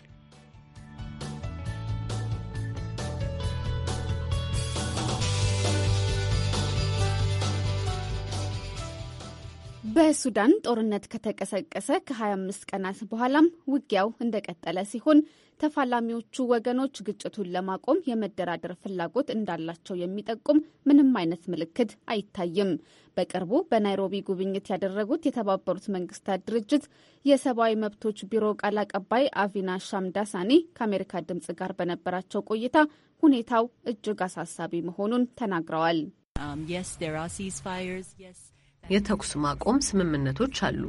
S1: በሱዳን ጦርነት ከተቀሰቀሰ ከ25 ቀናት በኋላም ውጊያው እንደቀጠለ ሲሆን ተፋላሚዎቹ ወገኖች ግጭቱን ለማቆም የመደራደር ፍላጎት እንዳላቸው የሚጠቁም ምንም አይነት ምልክት አይታይም። በቅርቡ በናይሮቢ ጉብኝት ያደረጉት የተባበሩት መንግስታት ድርጅት የሰብአዊ መብቶች ቢሮ ቃል አቀባይ አቪና ሻምዳሳኒ ከአሜሪካ ድምጽ ጋር በነበራቸው ቆይታ ሁኔታው እጅግ አሳሳቢ መሆኑን ተናግረዋል። um,
S17: የተኩስ ማቆም ስምምነቶች አሉ።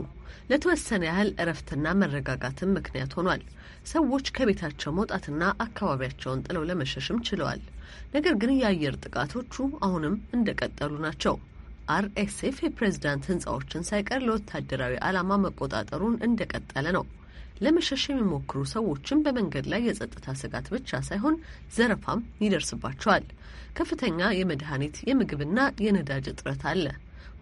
S17: ለተወሰነ ያህል እረፍትና መረጋጋትም ምክንያት ሆኗል። ሰዎች ከቤታቸው መውጣትና አካባቢያቸውን ጥለው ለመሸሽም ችለዋል። ነገር ግን የአየር ጥቃቶቹ አሁንም እንደቀጠሉ ናቸው። አርኤስኤፍ የፕሬዝዳንት ህንፃዎችን ሳይቀር ለወታደራዊ ዓላማ መቆጣጠሩን እንደቀጠለ ነው። ለመሸሽ የሚሞክሩ ሰዎችም በመንገድ ላይ የጸጥታ ስጋት ብቻ ሳይሆን ዘረፋም ይደርስባቸዋል። ከፍተኛ የመድኃኒት የምግብና የነዳጅ እጥረት አለ።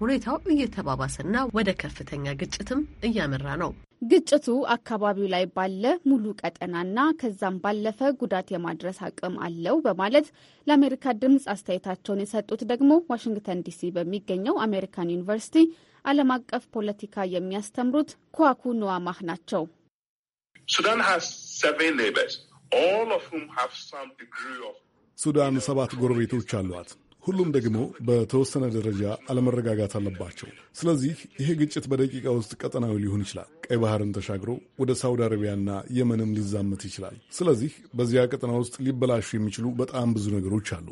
S17: ሁኔታው እየተባባሰና ወደ ከፍተኛ ግጭትም እያመራ ነው።
S1: ግጭቱ አካባቢው ላይ ባለ ሙሉ ቀጠናና ከዛም ባለፈ ጉዳት የማድረስ አቅም አለው በማለት ለአሜሪካ ድምፅ አስተያየታቸውን የሰጡት ደግሞ ዋሽንግተን ዲሲ በሚገኘው አሜሪካን ዩኒቨርሲቲ ዓለም አቀፍ ፖለቲካ የሚያስተምሩት ኳኩ ኑዋማህ ናቸው።
S18: ሱዳን ሰባት ጎረቤቶች አሏት። ሁሉም ደግሞ በተወሰነ ደረጃ አለመረጋጋት አለባቸው። ስለዚህ ይሄ ግጭት በደቂቃ ውስጥ ቀጠናዊ ሊሆን ይችላል። ቀይ ባህርን ተሻግሮ ወደ ሳውዲ አረቢያና የመንም ሊዛመት ይችላል። ስለዚህ በዚያ ቀጠና ውስጥ ሊበላሹ የሚችሉ በጣም ብዙ ነገሮች አሉ።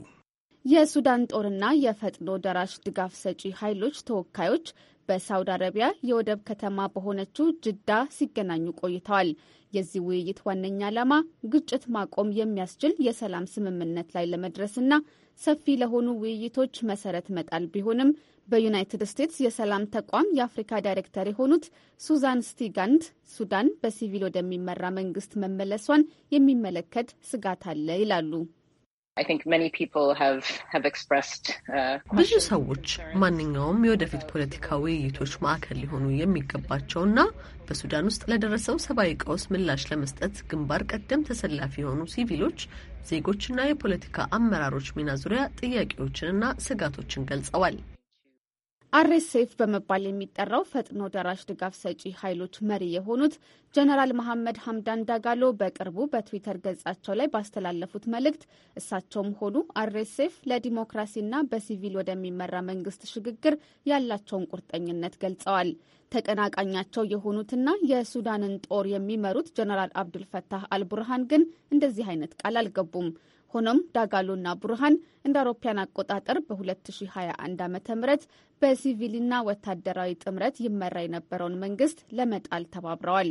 S1: የሱዳን ጦርና የፈጥኖ ደራሽ ድጋፍ ሰጪ ኃይሎች ተወካዮች በሳውዲ አረቢያ የወደብ ከተማ በሆነችው ጅዳ ሲገናኙ ቆይተዋል። የዚህ ውይይት ዋነኛ ዓላማ ግጭት ማቆም የሚያስችል የሰላም ስምምነት ላይ ለመድረስና ሰፊ ለሆኑ ውይይቶች መሰረት መጣል ቢሆንም በዩናይትድ ስቴትስ የሰላም ተቋም የአፍሪካ ዳይሬክተር የሆኑት ሱዛን ስቲጋንድ ሱዳን በሲቪል ወደሚመራ መንግስት መመለሷን የሚመለከት ስጋት አለ ይላሉ። uh,
S17: ብዙ ሰዎች ማንኛውም የወደፊት ፖለቲካ ውይይቶች ማዕከል ሊሆኑ የሚገባቸውና በሱዳን ውስጥ ለደረሰው ሰብአዊ ቀውስ ምላሽ ለመስጠት ግንባር ቀደም ተሰላፊ የሆኑ ሲቪሎች ዜጎችና የፖለቲካ አመራሮች ሚና ዙሪያ ጥያቄዎችንና ስጋቶችን ገልጸዋል።
S1: አርኤስኤፍ በመባል የሚጠራው ፈጥኖ ደራሽ ድጋፍ ሰጪ ኃይሎች መሪ የሆኑት ጀነራል መሐመድ ሀምዳን ዳጋሎ በቅርቡ በትዊተር ገጻቸው ላይ ባስተላለፉት መልእክት እሳቸውም ሆኑ አርኤስኤፍ ለዲሞክራሲና በሲቪል ወደሚመራ መንግስት ሽግግር ያላቸውን ቁርጠኝነት ገልጸዋል። ተቀናቃኛቸው የሆኑትና የሱዳንን ጦር የሚመሩት ጀነራል አብዱልፈታህ አልቡርሃን ግን እንደዚህ አይነት ቃል አልገቡም። ሆኖም ዳጋሎና ቡርሃን እንደ አውሮፓያን አቆጣጠር በ2021 ዓ ም በሲቪልና ወታደራዊ ጥምረት ይመራ የነበረውን መንግስት ለመጣል ተባብረዋል።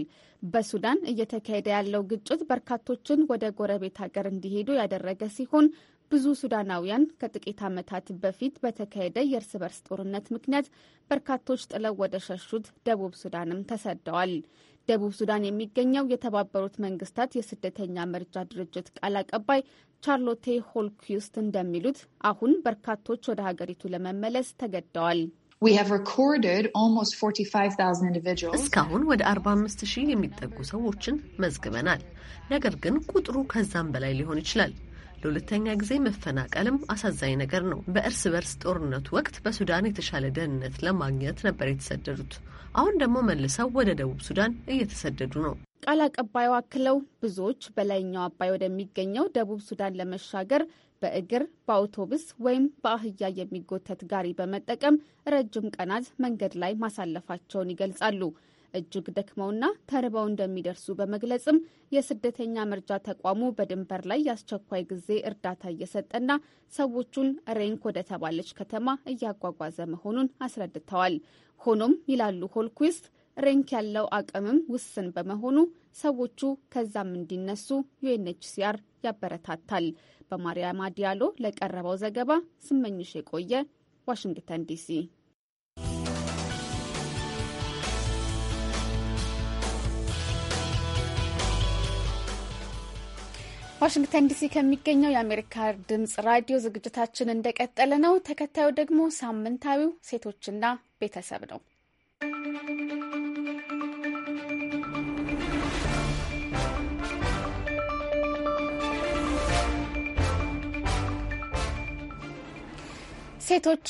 S1: በሱዳን እየተካሄደ ያለው ግጭት በርካቶችን ወደ ጎረቤት ሀገር እንዲሄዱ ያደረገ ሲሆን ብዙ ሱዳናውያን ከጥቂት ዓመታት በፊት በተካሄደ የእርስ በርስ ጦርነት ምክንያት በርካቶች ጥለው ወደ ሸሹት ደቡብ ሱዳንም ተሰደዋል። ደቡብ ሱዳን የሚገኘው የተባበሩት መንግስታት የስደተኛ መርጃ ድርጅት ቃል አቀባይ ቻርሎቴ ሆልኩስት እንደሚሉት አሁን በርካቶች ወደ ሀገሪቱ ለመመለስ ተገደዋል።
S17: እስካሁን ወደ 45 ሺህ የሚጠጉ ሰዎችን መዝግበናል። ነገር ግን ቁጥሩ ከዛም በላይ ሊሆን ይችላል። ለሁለተኛ ጊዜ መፈናቀልም አሳዛኝ ነገር ነው። በእርስ በርስ ጦርነቱ ወቅት በሱዳን የተሻለ ደህንነት ለማግኘት ነበር የተሰደዱት። አሁን ደግሞ መልሰው ወደ ደቡብ ሱዳን እየተሰደዱ ነው።
S1: ቃል አቀባዩ አክለው ብዙዎች በላይኛው አባይ ወደሚገኘው ደቡብ ሱዳን ለመሻገር በእግር በአውቶቡስ ወይም በአህያ የሚጎተት ጋሪ በመጠቀም ረጅም ቀናት መንገድ ላይ ማሳለፋቸውን ይገልጻሉ። እጅግ ደክመውና ተርበው እንደሚደርሱ በመግለጽም የስደተኛ መርጃ ተቋሙ በድንበር ላይ የአስቸኳይ ጊዜ እርዳታ እየሰጠና ሰዎቹን ሬንክ ወደተባለች ከተማ እያጓጓዘ መሆኑን አስረድተዋል። ሆኖም ይላሉ ሆልኩዊስት ሬንክ ያለው አቅምም ውስን በመሆኑ ሰዎቹ ከዛም እንዲነሱ ዩኤንኤችሲአር ያበረታታል። በማሪያማ ዲያሎ ለቀረበው ዘገባ ስመኝሽ የቆየ ዋሽንግተን ዲሲ። ዋሽንግተን ዲሲ ከሚገኘው የአሜሪካ ድምጽ ራዲዮ ዝግጅታችን እንደቀጠለ ነው። ተከታዩ ደግሞ ሳምንታዊው ሴቶችና ቤተሰብ ነው። ሴቶች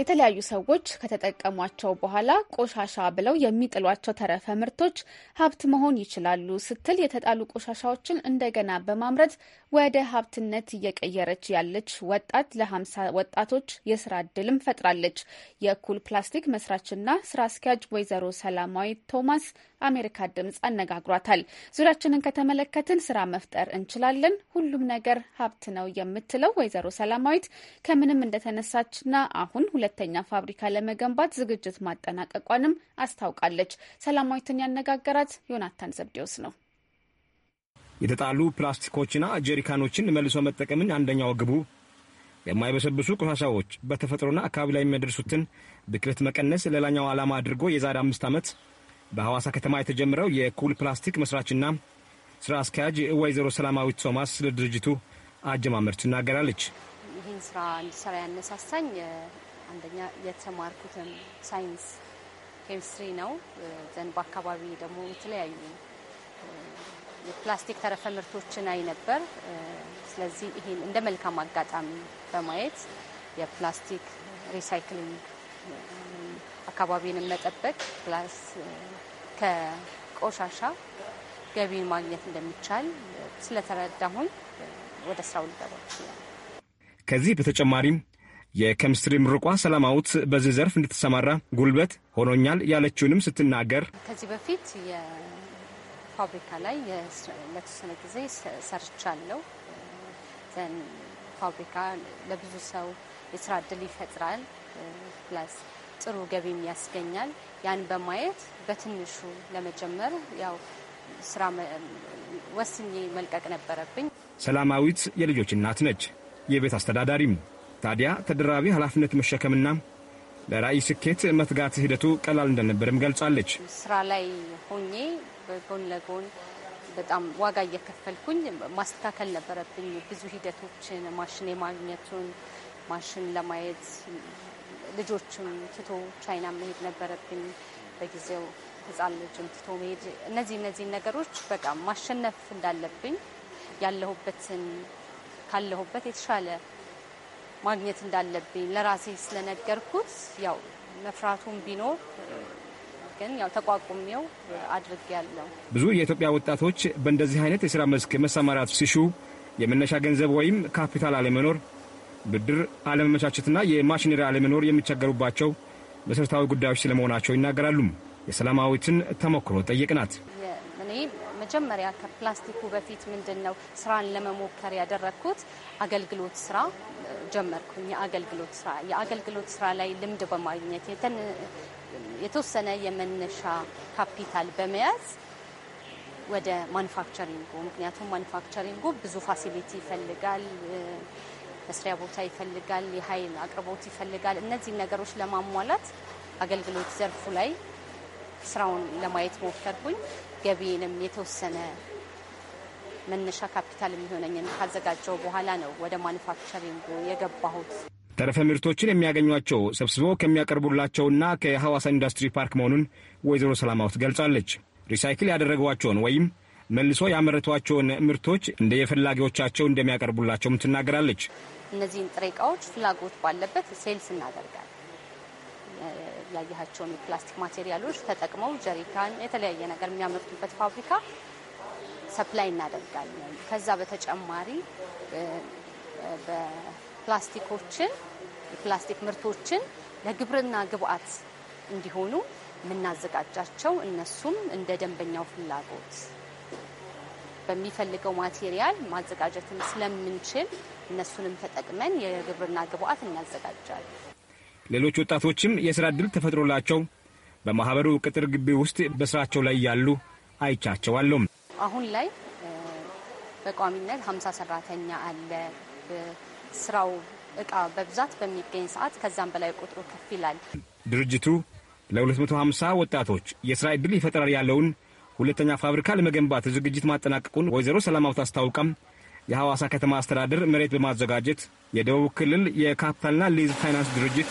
S1: የተለያዩ ሰዎች ከተጠቀሟቸው በኋላ ቆሻሻ ብለው የሚጥሏቸው ተረፈ ምርቶች ሀብት መሆን ይችላሉ ስትል የተጣሉ ቆሻሻዎችን እንደገና በማምረት ወደ ሀብትነት እየቀየረች ያለች ወጣት ለሀምሳ ወጣቶች የስራ እድልም ፈጥራለች። የኩል ፕላስቲክ መስራችና ስራ አስኪያጅ ወይዘሮ ሰላማዊ ቶማስ አሜሪካ ድምፅ አነጋግሯታል። ዙሪያችንን ከተመለከትን ስራ መፍጠር እንችላለን፣ ሁሉም ነገር ሀብት ነው የምትለው ወይዘሮ ሰላማዊት ከምንም እንደተነሳችና አሁን ሁለተኛ ፋብሪካ ለመገንባት ዝግጅት ማጠናቀቋንም አስታውቃለች። ሰላማዊትን ያነጋገራት ዮናታን ዘብዴዎስ ነው።
S8: የተጣሉ ፕላስቲኮችና ጀሪካኖችን መልሶ መጠቀምን አንደኛው ግቡ፣ የማይበሰብሱ ቆሻሻዎች በተፈጥሮና አካባቢ ላይ የሚያደርሱትን ብክለት መቀነስ ሌላኛው ዓላማ አድርጎ የዛሬ አምስት ዓመት በሐዋሳ ከተማ የተጀመረው የኩል ፕላስቲክ መስራችና ስራ አስኪያጅ ወይዘሮ ሰላማዊት ቶማስ ስለ ድርጅቱ አጀማመር ትናገራለች።
S7: ይህን ስራ እንዲሰራ ያነሳሳኝ አንደኛ የተማርኩትም ሳይንስ ኬሚስትሪ ነው። ዘን በአካባቢ ደግሞ የተለያዩ የፕላስቲክ ተረፈ ምርቶችን አይ ነበር። ስለዚህ ይህን እንደ መልካም አጋጣሚ በማየት የፕላስቲክ ሪሳይክሊንግ አካባቢንም መጠበቅ ፕላስ ከቆሻሻ ገቢ ማግኘት እንደሚቻል ስለተረዳሁኝ ወደ ስራው ልገባ
S8: ከዚህ በተጨማሪም የኬሚስትሪ ምርቋ ሰላማዊት በዚህ ዘርፍ እንድትሰማራ ጉልበት ሆኖኛል ያለችውንም ስትናገር
S7: ከዚህ በፊት የፋብሪካ ላይ ለተወሰነ ጊዜ ሰርቻለሁ። ፋብሪካ ለብዙ ሰው የስራ እድል ይፈጥራል። ፕላስ ጥሩ ገቢም ያስገኛል። ያን በማየት በትንሹ ለመጀመር ያው ስራ ወስኜ መልቀቅ ነበረብኝ።
S8: ሰላማዊት የልጆች እናት ነች፣ የቤት አስተዳዳሪም። ታዲያ ተደራቢ ኃላፊነት መሸከምና ለራዕይ ስኬት መትጋት ሂደቱ ቀላል እንዳልነበረም ገልጻለች።
S7: ስራ ላይ ሆኜ በጎን ለጎን በጣም ዋጋ እየከፈልኩኝ ማስተካከል ነበረብኝ። ብዙ ሂደቶችን ማሽን የማግኘቱን ማሽን ለማየት ልጆችም ትቶ ቻይና መሄድ ነበረብኝ በጊዜው ህጻን ልጅም ትቶ መሄድ እነዚህ እነዚህ ነገሮች በቃ ማሸነፍ እንዳለብኝ ያለሁበትን ካለሁበት የተሻለ ማግኘት እንዳለብኝ ለራሴ ስለነገርኩት ያው መፍራቱም ቢኖር ግን ያው ተቋቁሜው አድርግ ያለው
S8: ብዙ የኢትዮጵያ ወጣቶች በእንደዚህ አይነት የስራ መስክ መሰማራት ሲሹ የመነሻ ገንዘብ ወይም ካፒታል አለመኖር ብድር አለመመቻቸትና የማሽነሪ አለመኖር የሚቸገሩባቸው መሠረታዊ ጉዳዮች ስለመሆናቸው ይናገራሉ። የሰላማዊትን ተሞክሮ ጠየቅናት።
S7: እኔ መጀመሪያ ከፕላስቲኩ በፊት ምንድን ነው ስራን ለመሞከር ያደረግኩት አገልግሎት ስራ ጀመርኩኝ። የአገልግሎት ስራ የአገልግሎት ስራ ላይ ልምድ በማግኘት የተወሰነ የመነሻ ካፒታል በመያዝ ወደ ማኑፋክቸሪንጉ ምክንያቱም ማኑፋክቸሪንጉ ብዙ ፋሲሊቲ ይፈልጋል መስሪያ ቦታ ይፈልጋል፣ የኃይል አቅርቦት ይፈልጋል። እነዚህን ነገሮች ለማሟላት አገልግሎት ዘርፉ ላይ ስራውን ለማየት ሞከርኩኝ። ገቢንም የተወሰነ መነሻ ካፒታል የሚሆነኝን ካዘጋጀው በኋላ ነው ወደ ማኑፋክቸሪንጉ የገባሁት።
S8: ተረፈ ምርቶችን የሚያገኟቸው ሰብስቦ ከሚያቀርቡላቸውና ከሐዋሳ ኢንዱስትሪ ፓርክ መሆኑን ወይዘሮ ሰላማዊት ገልጻለች። ሪሳይክል ያደረጓቸውን ወይም መልሶ ያመረቷቸውን ምርቶች እንደ የፈላጊዎቻቸው እንደሚያቀርቡላቸውም ትናገራለች።
S7: እነዚህን ጥሬ እቃዎች ፍላጎት ባለበት ሴልስ እናደርጋለን። ያየሃቸውን የፕላስቲክ ማቴሪያሎች ተጠቅመው ጀሪካን፣ የተለያየ ነገር የሚያመርቱበት ፋብሪካ ሰፕላይ እናደርጋለን። ከዛ በተጨማሪ በፕላስቲኮችን የፕላስቲክ ምርቶችን ለግብርና ግብዓት እንዲሆኑ የምናዘጋጃቸው እነሱም እንደ ደንበኛው ፍላጎት በሚፈልገው ማቴሪያል ማዘጋጀትን ስለምንችል እነሱንም ተጠቅመን የግብርና ግብአት እናዘጋጃለን።
S8: ሌሎች ወጣቶችም የስራ እድል ተፈጥሮላቸው በማህበሩ ቅጥር ግቢ ውስጥ በስራቸው ላይ ያሉ አይቻቸዋለሁም።
S7: አሁን ላይ በቋሚነት ሀምሳ ሰራተኛ አለ። ስራው እቃ በብዛት በሚገኝ ሰዓት ከዛም በላይ ቁጥሩ ከፍ ይላል።
S8: ድርጅቱ ለ250 ወጣቶች የስራ ዕድል ይፈጥራል ያለውን ሁለተኛ ፋብሪካ ለመገንባት ዝግጅት ማጠናቀቁን ወይዘሮ ሰላማዊት አስታውቃም የሐዋሳ ከተማ አስተዳደር መሬት በማዘጋጀት የደቡብ ክልል የካፒታልና ሊዝ ፋይናንስ ድርጅት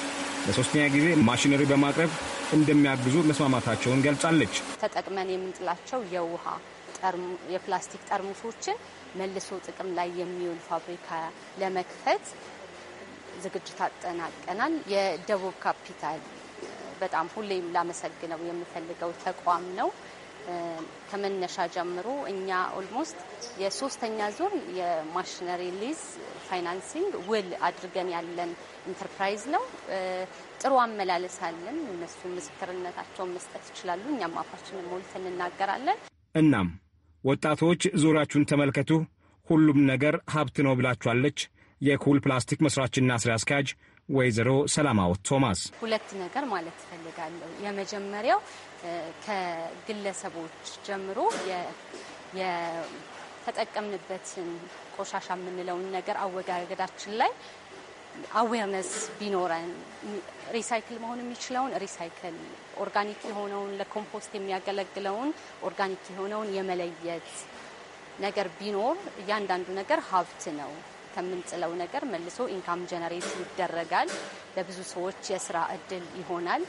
S8: ለሶስተኛ ጊዜ ማሽነሪ በማቅረብ እንደሚያግዙ መስማማታቸውን ገልጻለች።
S7: ተጠቅመን የምንጥላቸው የውሃ የፕላስቲክ ጠርሙሶችን መልሶ ጥቅም ላይ የሚውል ፋብሪካ ለመክፈት ዝግጅት አጠናቀናል። የደቡብ ካፒታል በጣም ሁሌም ላመሰግነው የምፈልገው ተቋም ነው። ከመነሻ ጀምሮ እኛ ኦልሞስት የሶስተኛ ዙር የማሽነሪ ሊዝ ፋይናንሲንግ ውል አድርገን ያለን ኢንተርፕራይዝ ነው። ጥሩ አመላለስ አለን። እነሱ ምስክርነታቸውን መስጠት ይችላሉ። እኛም አፋችንን ሞልተን እንናገራለን።
S8: እናም ወጣቶች ዙሪያችሁን ተመልከቱ፣ ሁሉም ነገር ሀብት ነው ብላችኋለች የኩል ፕላስቲክ መስራችና ስራ አስኪያጅ ወይዘሮ ሰላማወት ቶማስ
S7: ሁለት ነገር ማለት እፈልጋለሁ። የመጀመሪያው ከግለሰቦች ጀምሮ የተጠቀምንበትን ቆሻሻ የምንለውን ነገር አወጋገዳችን ላይ አዌርነስ ቢኖረን ሪሳይክል መሆን የሚችለውን ሪሳይክል፣ ኦርጋኒክ የሆነውን ለኮምፖስት የሚያገለግለውን ኦርጋኒክ የሆነውን የመለየት ነገር ቢኖር እያንዳንዱ ነገር ሀብት ነው። የምንጥለው ነገር መልሶ ኢንካም ጀነሬት ይደረጋል። ለብዙ ሰዎች የስራ እድል ይሆናል።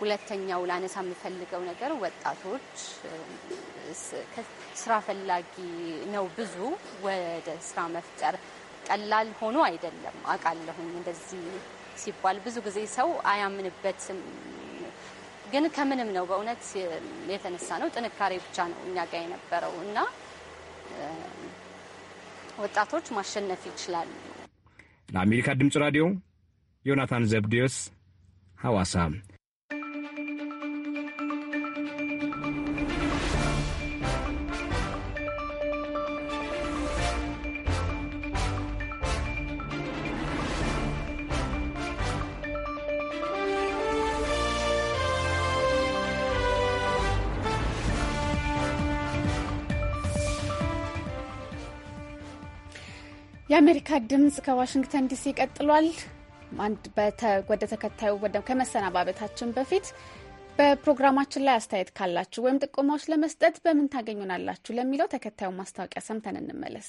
S7: ሁለተኛው ላነሳ የምፈልገው ነገር ወጣቶች ስራ ፈላጊ ነው። ብዙ ወደ ስራ መፍጠር ቀላል ሆኖ አይደለም። አውቃለሁኝ እንደዚህ ሲባል ብዙ ጊዜ ሰው አያምንበትም። ግን ከምንም ነው በእውነት የተነሳ ነው። ጥንካሬ ብቻ ነው እኛ ጋር የነበረው እና ወጣቶች ማሸነፍ ይችላሉ።
S8: ለአሜሪካ ድምፅ ራዲዮ ዮናታን ዘብዴዎስ ሐዋሳ
S1: የአሜሪካ ድምፅ ከዋሽንግተን ዲሲ ቀጥሏል። ወደ ተከታዩ ወደ ከመሰናባበታችን በፊት በፕሮግራማችን ላይ አስተያየት ካላችሁ ወይም ጥቆማዎች ለመስጠት በምን ታገኙናላችሁ ለሚለው ተከታዩ ማስታወቂያ ሰምተን እንመለስ።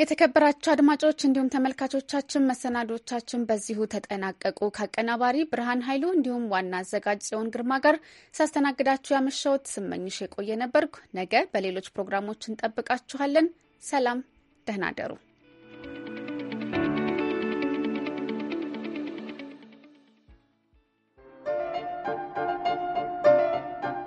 S1: የተከበራቸው አድማጮች እንዲሁም ተመልካቾቻችን መሰናዶቻችን በዚሁ ተጠናቀቁ። ከአቀናባሪ ብርሃን ኃይሉ እንዲሁም ዋና አዘጋጅ ጽዮን ግርማ ጋር ሳስተናግዳችሁ ያመሸሁት ስመኝሽ የቆየ ነበርኩ። ነገ በሌሎች ፕሮግራሞች እንጠብቃችኋለን። ሰላም፣ ደህና ደሩ።